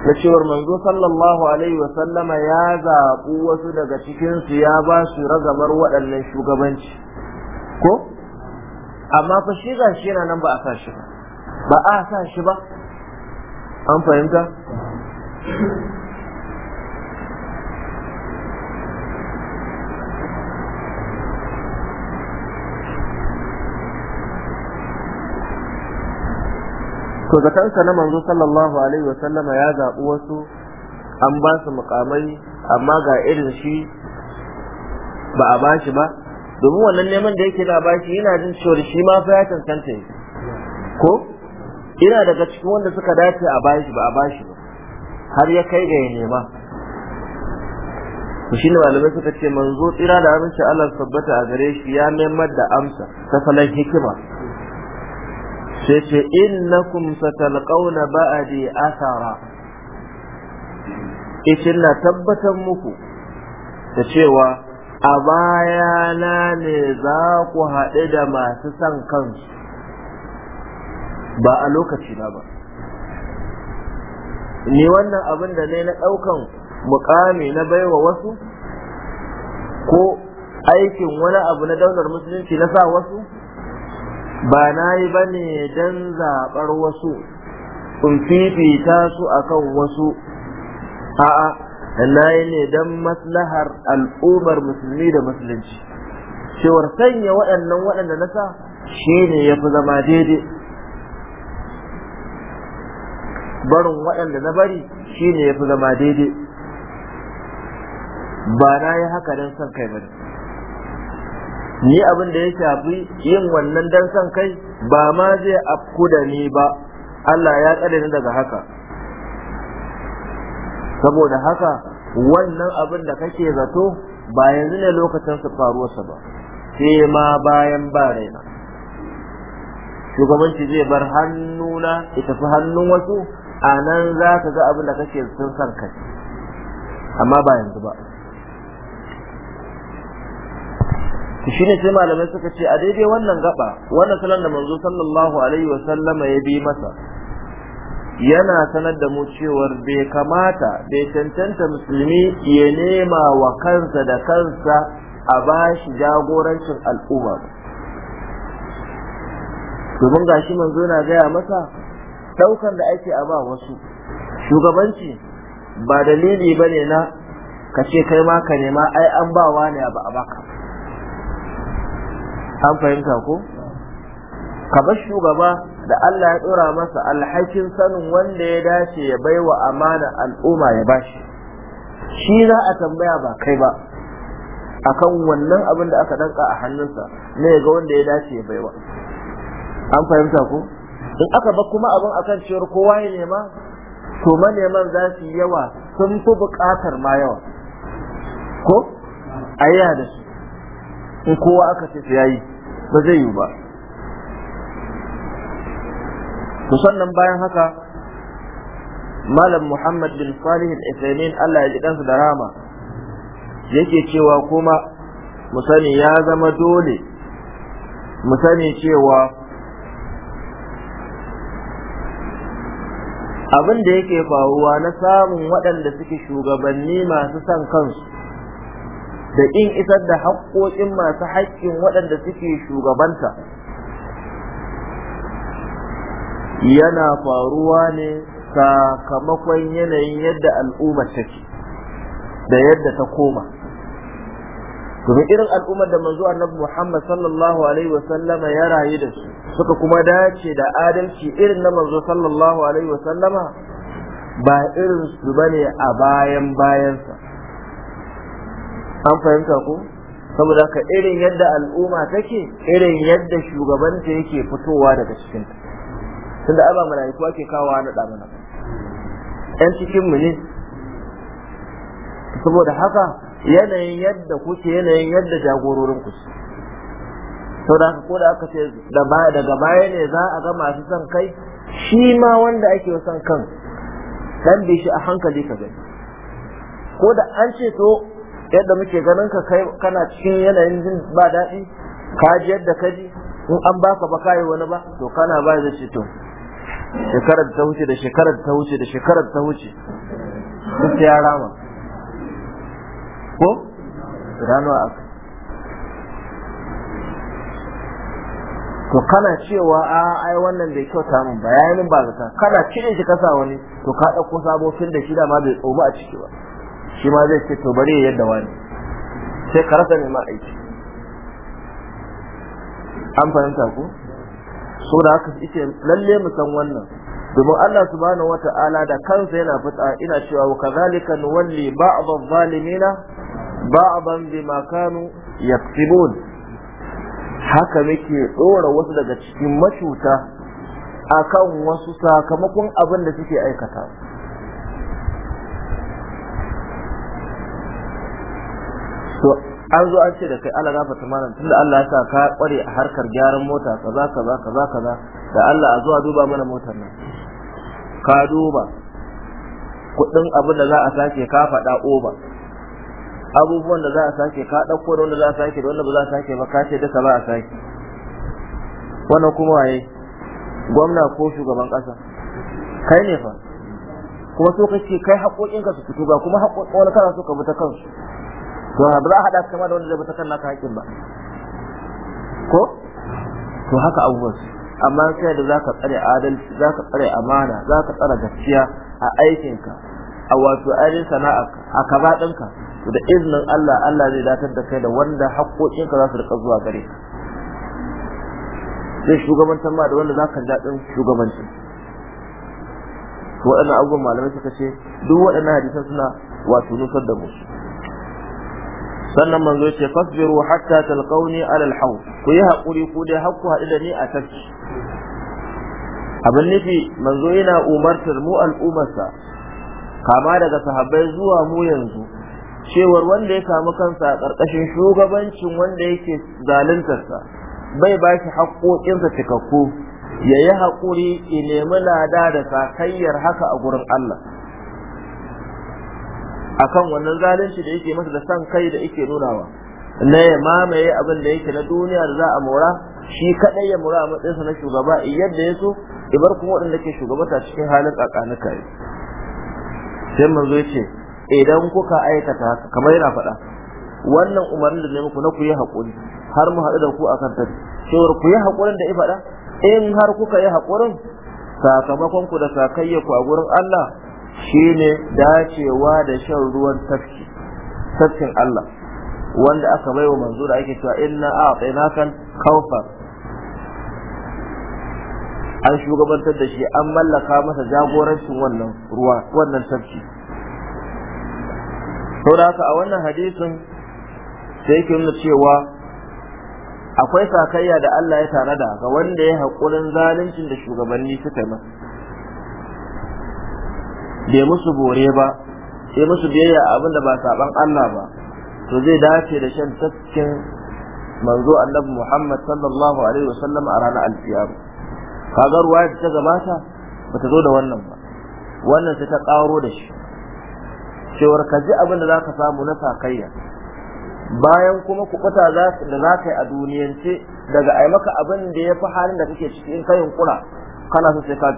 na cewar manzo sallallahu alaihi wa sallama ya zaɓi wasu daga cikinsu ya ba su ragamar waɗannan shugabanci ko amma fa shi ga shi yana nan ba a sa shi ba ba a sa shi ba an fahimta to zakansa na manzo sallallahu alaihi wa sallama ya zaɓi wasu an ba su mukamai amma ga irin shi ba a bashi ba domin wannan neman da yake na bashi yana jin cewa shi ma fa ya cancanta ko ina daga cikin wanda suka dace a bashi ba a bashi ba har ya kai ga ya nema to shine malamai suka ce manzo tsira da aminci Allah tabbata a gare shi ya nemar da amsa ta salon hikima sai ce innakum satalqauna ba'di athara itin na tabbatar muku da cewa a baya na ne za ku haɗu da masu son kansu ba a lokaci na ba ni wannan abin da ne na ɗaukan mukami na baiwa wasu ko aikin wani abu na daular musulunci na sa wasu ba na yi ba ne don zaɓar wasu in fifita su akan wasu a'a na yi ne don maslahar al'ummar musulmi da musulunci cewar sanya waɗannan waɗanda na sa shi ne ya fi zama daidai barin waɗanda na bari shi ne ya fi zama daidai ba na yi haka don son kai bane ni abin da ya shafi yin wannan dan san kai ba ma zai afku da ni ba Allah ya tsare ni daga haka saboda haka wannan abin da kake zato ba yanzu ne lokacin su faruwarsa ba sai ma bayan ba raina shugabanci zai bar hannuna ya tafi hannun wasu a nan za ka ga abin da kake sun san kai amma ba yanzu ba shi ne sai malamai suka ce a daidai wannan gaba wannan salon da manzo sallallahu alaihi wa sallama ya bi masa yana sanar da mu cewar bai kamata bai cancanta musulmi ya nema wa kansa da kansa a bashi jagorancin al'umma domin shi manzo yana gaya masa daukan da ake a ba wasu shugabanci ba dalili ba ne na ka ce kai ma ka nema ai an ba ne ba a baka an fahimta ko ka shugaba da Allah ya dora masa alhakin sanin wanda ya dace ya baiwa amana al'umma ya bashi shi za a tambaya ba kai ba akan wannan abin da aka danka a hannunsa ne ga wanda ya dace ya baiwa an fahimta ko in aka ba kuma abin akan cewar kowa ya nema to maneman za su yawa sun fi buƙatar ma yawa ko a su in kowa aka ce su yayi ba zai yi ba to sannan bayan haka malam muhammad bin salih al Allah ya ji kansa da rama yake cewa kuma mu ya zama dole mu cewa abin da yake faruwa na samun waɗanda suke shugabanni masu son kansu da in isar da haƙƙoƙin masu haƙƙin waɗanda suke shugabanta yana faruwa ne sakamakon yanayin yadda al'ummar take da yadda ta koma domin irin al'ummar da manzo annabi Muhammad sallallahu alaihi wa sallama ya rayu da su suka kuma dace da adalci irin na manzo sallallahu alaihi wa sallama ba irin su bane a bayan bayansa an fahimta ko saboda ka irin yadda al'umma take irin yadda shugabanta yake fitowa daga cikin ta tunda ai malaiku ake kawowa na da mana cikin mu ne saboda haka yanayin yadda kuke yanayin yadda jagororin ku saboda haka ko da aka ce daga baya ne za a ga masu son kai shi ma wanda ake son kan dan bi shi a hankali ka gani ko da an ce to yadda muke ganin ka kai kana cikin yanayin jin ba daɗi ka ji yadda ka ji in an baka ba kai wani ba to kana ba da ce to shekarar ta wuce da shekarar ta wuce da shekarar ta wuce duk ya rama ko rano a to kana cewa a ai wannan bai kyauta min bayanin ba zata kana cire shi kasa wani to ka ɗauko sabofin da shi da ma bai tsoma a ciki ba shi ma zai ce to bari yadda wani sai ka rasa neman aiki an fahimta ku? so da haka ita lalle mu san wannan domin Allah subhanahu wata'ala da kansa yana fita ina cewa wa kadhalika nuwalli ba'd adh-dhalimina ba'dan bima kanu yaktibun haka muke dora wasu daga cikin mashuta akan wasu sakamakon abin da suke aikata to an zo an ce da kai Allah gafarta malam tunda Allah ya sa ka kware a harkar gyaran mota kaza kaza kaza kaza da Allah a zuwa duba mana motar nan ka duba kudin abin da za a sake ka faɗa oba abubuwan da za a sake ka ɗauko da wanda za a sake da wanda ba za a sake ba ka ce duka ba a sake wannan kuma waye gwamna ko shugaban ƙasa kai ne fa kuma so kace kai haƙoƙinka su fito ba kuma haƙoƙin wani kana so ka bi ta kansu to ba za a haɗa kama da wanda zai bata kan naka haƙin ba ko to haka abubuwan amma sai da za ka tsare adalci za ka tsare amana za ka tsare gaskiya a aikinka a wato ainihin sana'a a kabaɗinka, to da izinin Allah Allah zai datar da kai da wanda haƙoƙinka za su riƙa zuwa gare ka zai shugabantar ma da wanda za ka daɗin shugabancin waɗannan abubuwan malamai suka ce duk waɗannan hadisan suna wato nufar da mu. sannan manzo ce fasbiru hatta talqauni ala alhawd ku yi hakuri ku dai hakku haɗu da ni a tashi. abin nufi manzo yana umartar mu al'ummarsa kama daga sahabbai zuwa mu yanzu cewar wanda ya samu kansa a ƙarƙashin shugabancin wanda yake zaluntarsa bai ba shi haƙoƙinsa cikakku ya yi haƙuri ya nemi lada da sakayyar haka a gurin Allah akan wannan zalunci da yake masa da san kai da yake nunawa na ya mamaye abin da yake na duniya da za a mora shi kadai ya mora a matsayinsa na shugaba yadda ya so ibar kuma waɗanda ke shugabata cikin halin tsakanin kare sai manzo ya ce idan kuka aikata haka kamar yana faɗa wannan umarnin da ne muku na ku yi haƙuri har mu haɗu da ku akan tafi cewar ku yi haƙurin da ya faɗa in har kuka yi haƙurin sakamakon ku da sakayya ku a gurin Allah shine dacewa da shan ruwan tafki tafkin Allah wanda aka bai wa manzo da ake cewa inna a'tainakan kawfar. an shugabantar da shi an mallaka masa jagorancin wannan ruwa wannan tafki saboda haka a wannan hadisin sai yake nuna cewa akwai sakayya da Allah ya tare da ga wanda ya haƙurin zaluncin da shugabanni suka masa bai musu bore ba sai musu biyayya abin da ba saban Allah ba to zai dace da shan tafkin manzo annabi Muhammad sallallahu alaihi wasallam a ranar alkiyama kaga ruwa ta gabata bata zo da wannan ba wannan sai ta karo da shi cewar ka ji abin da zaka samu na sakayya bayan kuma kubuta da za ka yi a duniyance daga ai maka abin da ya fi halin da kake ciki in ka yunkura kana so sai ka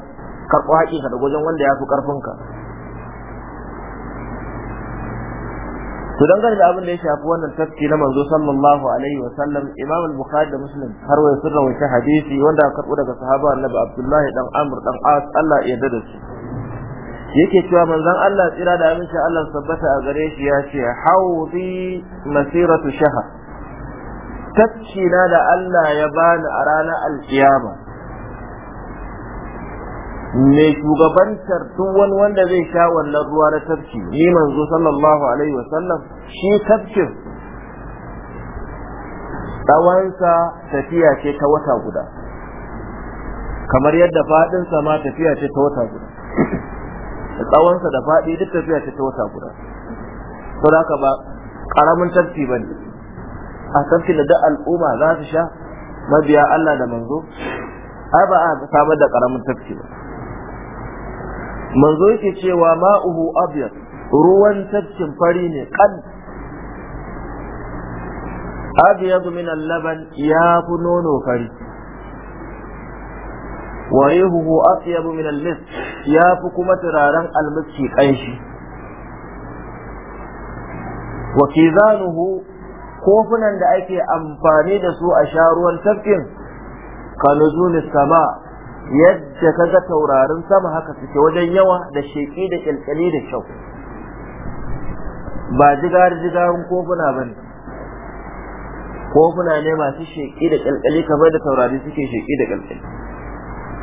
karɓo haƙinka da wajen wanda ya fi ƙarfinka to dangane da abin da ya shafi wannan tafki na manzo sallallahu alaihi wa sallam imam al-bukhari da muslim har wa sirra wa ta hadisi wanda aka karbo daga sahaba annabi abdullahi dan amr dan as Allah ya yarda da shi yake cewa manzon Allah tsira da aminci Allah sabbata a gare shi ya ce hawdi masiratu shahr tafki na da Allah ya bani a ranar alkiyama mai shugabantar duk wani wanda zai sha wannan ruwa na tafki ni manzo sallallahu alaihi wa sallam shi tafkin tsawansa tafiya ce ta wata guda kamar yadda faɗinsa ma tafiya ce ta wata guda tsawansa da faɗi duk tafiya ce ta wata guda to da haka ba karamin tafki ba ne a tafki da duk al'umma za su sha mabiya Allah da manzo ai ba a samar da karamin tafki ba manzo yake cewa ma'uhu abyad ruwan tafkin fari ne kan abyad min al-laban ya fi nono fari wa rihuhu atyabu min al-misk ya fi kuma turaren almiski kanshi wa kizanuhu kofunan da ake amfani da su a sha ruwan tafkin ka sama yadda ka ga taurarin sama haka suke wajen yawa da sheƙi da ƙyalƙyali da kyau ba jigar-jigarin kofuna ba ne kofuna ne masu sheƙi da ƙyalƙyali kamar da taurari suke sheƙi da ƙyalƙyali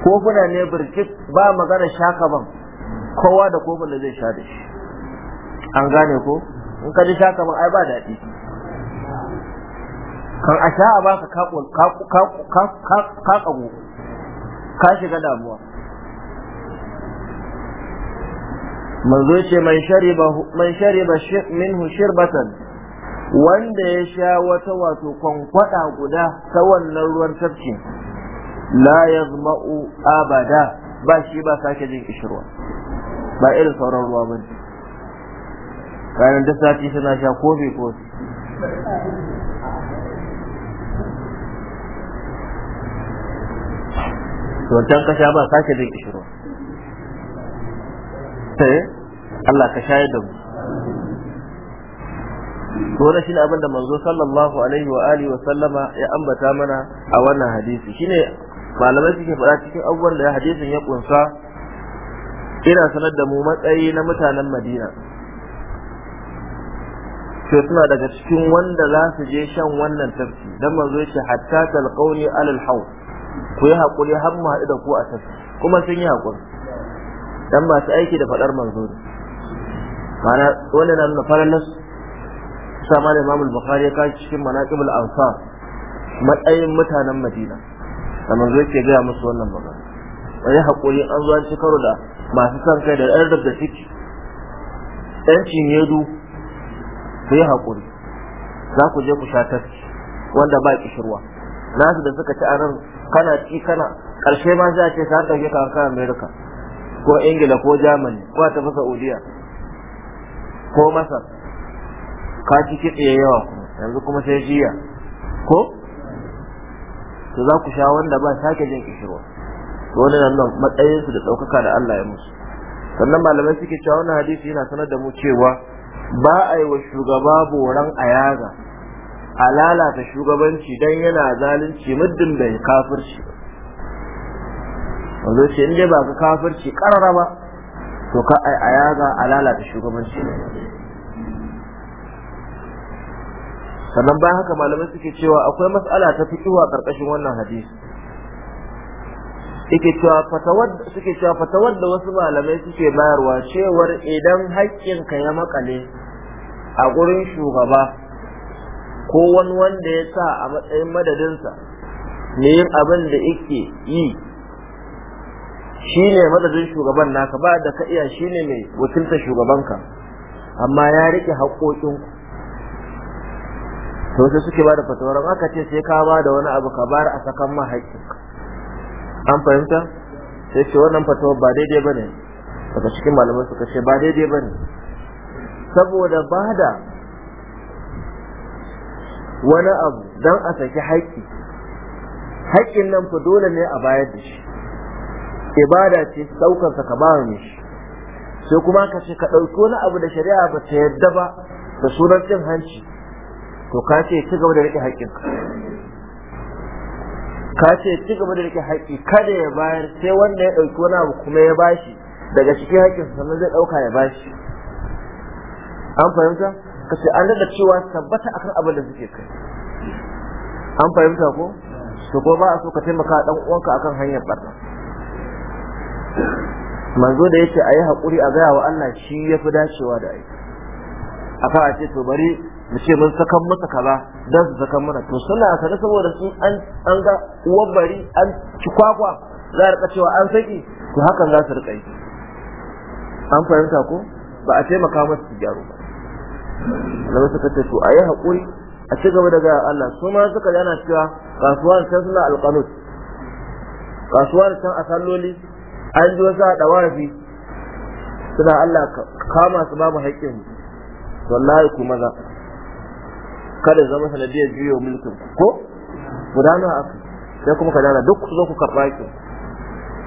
kofuna ne birkit ba magana shaka ban kowa da kofin da zai sha da shi an gane ko in ka ji shaka ban ai ba daɗi kan a sha a baka kaƙo ka shiga damuwa manzo ce mai shariba mai shariba minhu shirbatan wanda ya sha wata wato kwankwada guda ta wannan ruwan tafki la yazma'u abada ba shi ba sake jin kishirwa ba irin sauran ruwa ba bayan da sati suna sha kofi kofi wancan kasha ba sake jin kishirwa sai eh? Allah ka shayar da mu to rashin abin da manzo sallallahu alaihi wa alihi wa sallama ya ambata mana a wannan hadisi shine malamai suke faɗa cikin abubuwan da hadisin ya kunsa ina sanar da mu matsayi na mutanen Madina sai suna daga cikin wanda za su je shan wannan tafki dan manzo yace hatta talqauni alal hawd ku yi haƙuri har mu haɗu da ku a can kuma sun yi haƙuri dan masu aiki da faɗar manzo mana wannan na nuna farar sa ma da imamul bukhari ya kashi cikin manaqibul ansar matsayin mutanen madina da manzo yake gaya musu wannan magana yi haƙuri an zuwa ci karo da masu san kai da ɗan da ciki ɗanci ne du ku yi haƙuri za ku je ku sha tafi wanda ba kishirwa nasu da suka ci a ran kana ci kana karshe ma za a ce ka ɗauke ka kan Amerika ko ingila ko germany ko ta saudiya ko masar ka ci kitse yawa yanzu kuma sai jiya ko to za ku sha wanda ba sake jin kishirwa wani nan matsayinsu da ɗaukaka da Allah ya musu sannan malamai suke cewa wannan hadisi yana sanar da mu cewa ba a yi wa shugaba boran ayaga a lalata shugabanci dan yana zalunci muddin bai kafirci wanzu ce in dai ba ka kafirci karara ba to ka a yaga a lalata shugabanci sannan bayan haka malamai suke cewa akwai mas'ala ta fitowa karkashin wannan hadisi suke cewa fatawar da wasu malamai suke bayarwa cewar idan haƙƙinka ya makale a gurin shugaba ko wani wanda ya sa a matsayin madadinsa ne yin abin da yake yi shi ne madadin shugaban naka ba da ka iya shi ne mai wakilta shugabanka amma ya rike haƙoƙin to sai suke ba da fatawar aka ce sai ka ba da wani abu ka bar a sakan ma an fahimta sai ce wannan fatawar ba daidai ba ne daga cikin malamai suka ce ba daidai ba ne saboda ba da wani abu don a saki haƙƙi haƙƙin nan fa dole ne a bayar da shi ibada ce ɗaukarsa ka bawa ne shi sai kuma ka ce ka ɗauki wani abu da shari'a ba ta yadda ba da sunan cin hanci to ka ce ci gaba da riƙe haƙƙin ka ka ce ci gaba da riƙe haƙƙi kada ya bayar sai wanda ya ɗauki wani abu kuma ya bashi daga cikin haƙƙinsa sannan zai ɗauka ya bashi an fahimta kace an rada cewa tabbata akan abin da suke kai an fahimta ko to ko ba a so ka taimaka dan uwanka akan hanyar barna manzo da yace ayi hakuri a gaya wa Allah shi yafi dacewa da ai aka a ce to bari mu ce mun sakan masa kaza dan su sakan mana to suna sanar saboda su an an ga uwar bari an ci kwakwa za a rika cewa an saki to hakan za su rika yi an fahimta ko ba a taimaka masu su gyaru ba Allah suka ce to ayi hakuri a ci gaba da Allah su ma suka yana cewa kasuwa ta suna alqanut kasuwa ta a salloli an ji wasu a dawafi suna Allah kama su babu haƙƙin wallahi ku maza kada zama sanadiyar juyo mulkin ko gudana aka sai kuma ka dana duk ku zo ku karɓa ki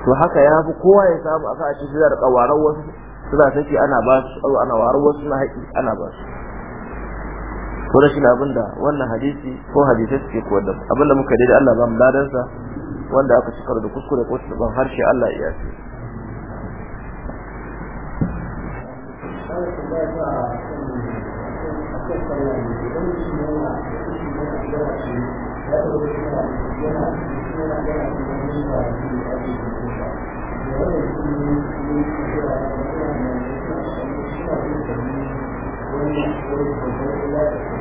to haka ya fi kowa ya samu aka a cikin da ƙawarar wasu suna saki ana ba su ana warar wasu suna haƙi ana ba su ko rashin abinda wannan hadisi ko hadisai suke koyar da abinda muka daidai Allah ba mu ladansa wanda aka cikar da kuskure ko tsaban harshe Allah ya yafe Thank you.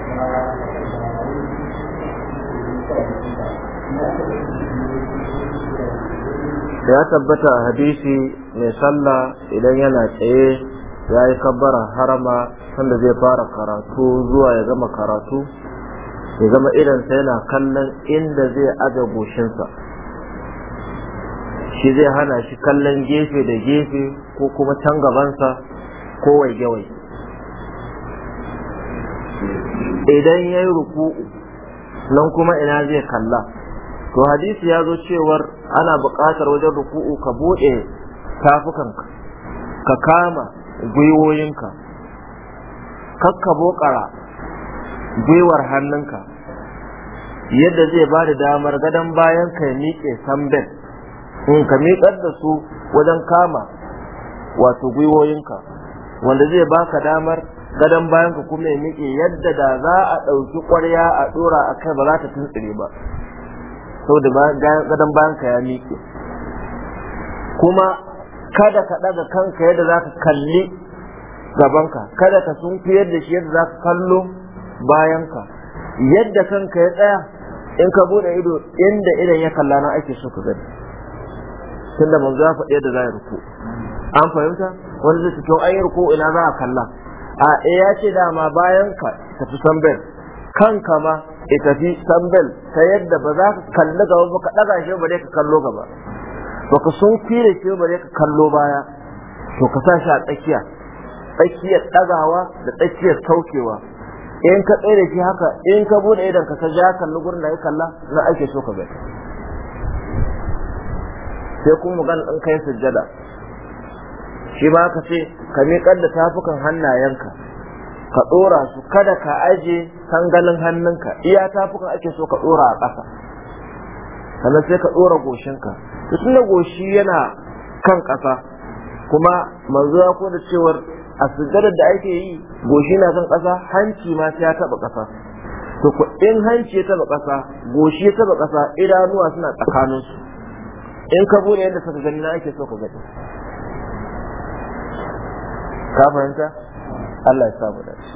ya tabbata a hadisi mai sallah idan yana tsaye ya yi kabbara harama sanda zai fara karatu zuwa ya zama karatu ya zama idansa yana kallon inda zai aje goshinsa shi zai hana shi kallon gefe da gefe ko kuma can gabansa ko gawai idan ya yi ruku'u nan kuma ina zai kalla to hadisi ya zo cewar ana buƙatar wajen ruku'u ka buɗe tafukanka ka kama gwiwoyinka kakka boƙara gwiwar hannunka yadda zai ba da damar gadon bayan ka miƙe sambel in ka miƙar da su wajen kama wato gwiwoyinka wanda zai baka damar gadon bayan ka kuma ya miƙe yadda da za a ɗauki ƙwarya a ɗora a kai ba za ta tuntsire ba saboda gadon bayan ka ya miƙe kuma kada ka ɗaga kanka yadda za ka kalli gabanka kada ka fi da shi yadda za ka kallo bayanka yadda kanka ya tsaya in ka bude ido inda idan ya kalla na ake so ka gani tunda manzo ya faɗi yadda za ya ruku an fahimta wani zai cikin ayyar ko ina za a kalla a e, ya ce dama bayan ka tafi sambel kanka ma ya e, tafi sambel ta yadda ba za ka kalli gaba ba ka ɗaga shi ba dai ka kallo gaba ba ka sun fira shi ba dai ka kallo baya to ka sa shi a tsakiya tsakiyar ɗagawa da tsakiyar saukewa in ka tsere shi haka in ka bude idan ka ja kalli gurin da ya kalla na ake so ka bai sai kuma gan in kai sujjada shi ma ka ce ka miƙar da tafukan hannayenka ka ɗora su kada ka aje tangalin hannunka iya tafukan ake so ka ɗora a ƙasa sannan sai ka ɗora goshinka to na goshi yana kan ƙasa kuma manzo ya da cewar a sujjadar da ake yi goshi na kan ƙasa hanci ma sai ya taɓa ƙasa to in hanci ya taɓa ƙasa goshi ya taɓa ƙasa idanuwa suna tsakaninsu in ka bude yadda suka gani na ake so ka gani ka fahimta Allah ya samu dace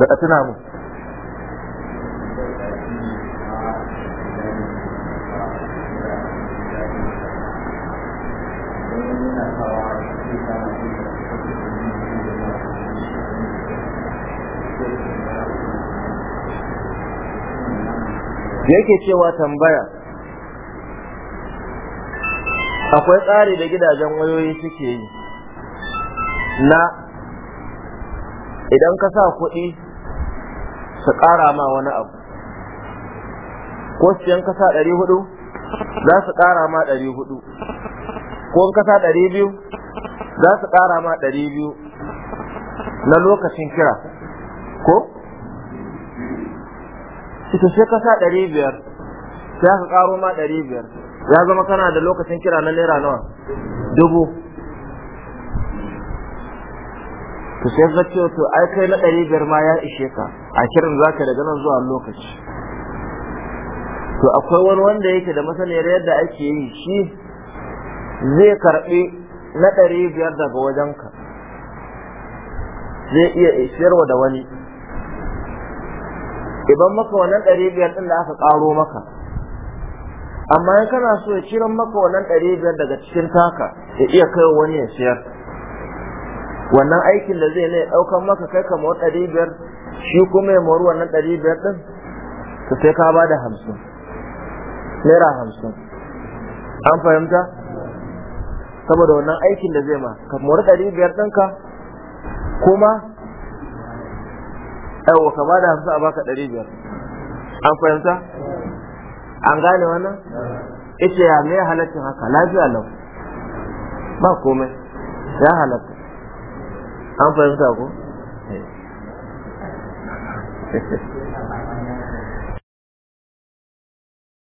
da tuna mu yake cewa tambaya akwai tsari da gidajen wayoyi suke yi na idan ka sa kuɗi su ƙara ma wani abu ko siyan yan kasa ɗari hudu za su ƙara ma ɗari hudu ko in kasa ɗari biyu za su ƙara ma ɗari biyu na lokacin kira ko ita sai kasa ɗari biyar sai ka ƙaro ma ɗari biyar ya zama kana da lokacin kira na naira nawa dubu to sai ga cewa to ai kai na ɗari biyar ma ya ishe ka a kiran za ka daga nan zuwa lokaci to akwai wani wanda yake da masaniyar yadda ake yi shi zai karɓi na ɗari biyar daga wajenka zai iya ishirwa da wani idan maka wannan ɗari biyar ɗin da aka ƙaro maka amma in kana so ya ciran maka wannan ɗari biyar daga cikin taka ya iya kai wani ya siyar wannan aikin da zai ne ɗaukan maka kai kamar ɗari biyar shi kuma ya mori wannan ɗari biyar ɗin to sai ka ba da hamsin naira hamsin an fahimta saboda wannan aikin da zai ma ka mori ɗari biyar ɗinka kuma yawa ka ba da hamsin a baka ɗari biyar an fahimta an gane wannan ita ya me halaccin haka lafiya lau ba komai ya halatta an fahimta ko eh.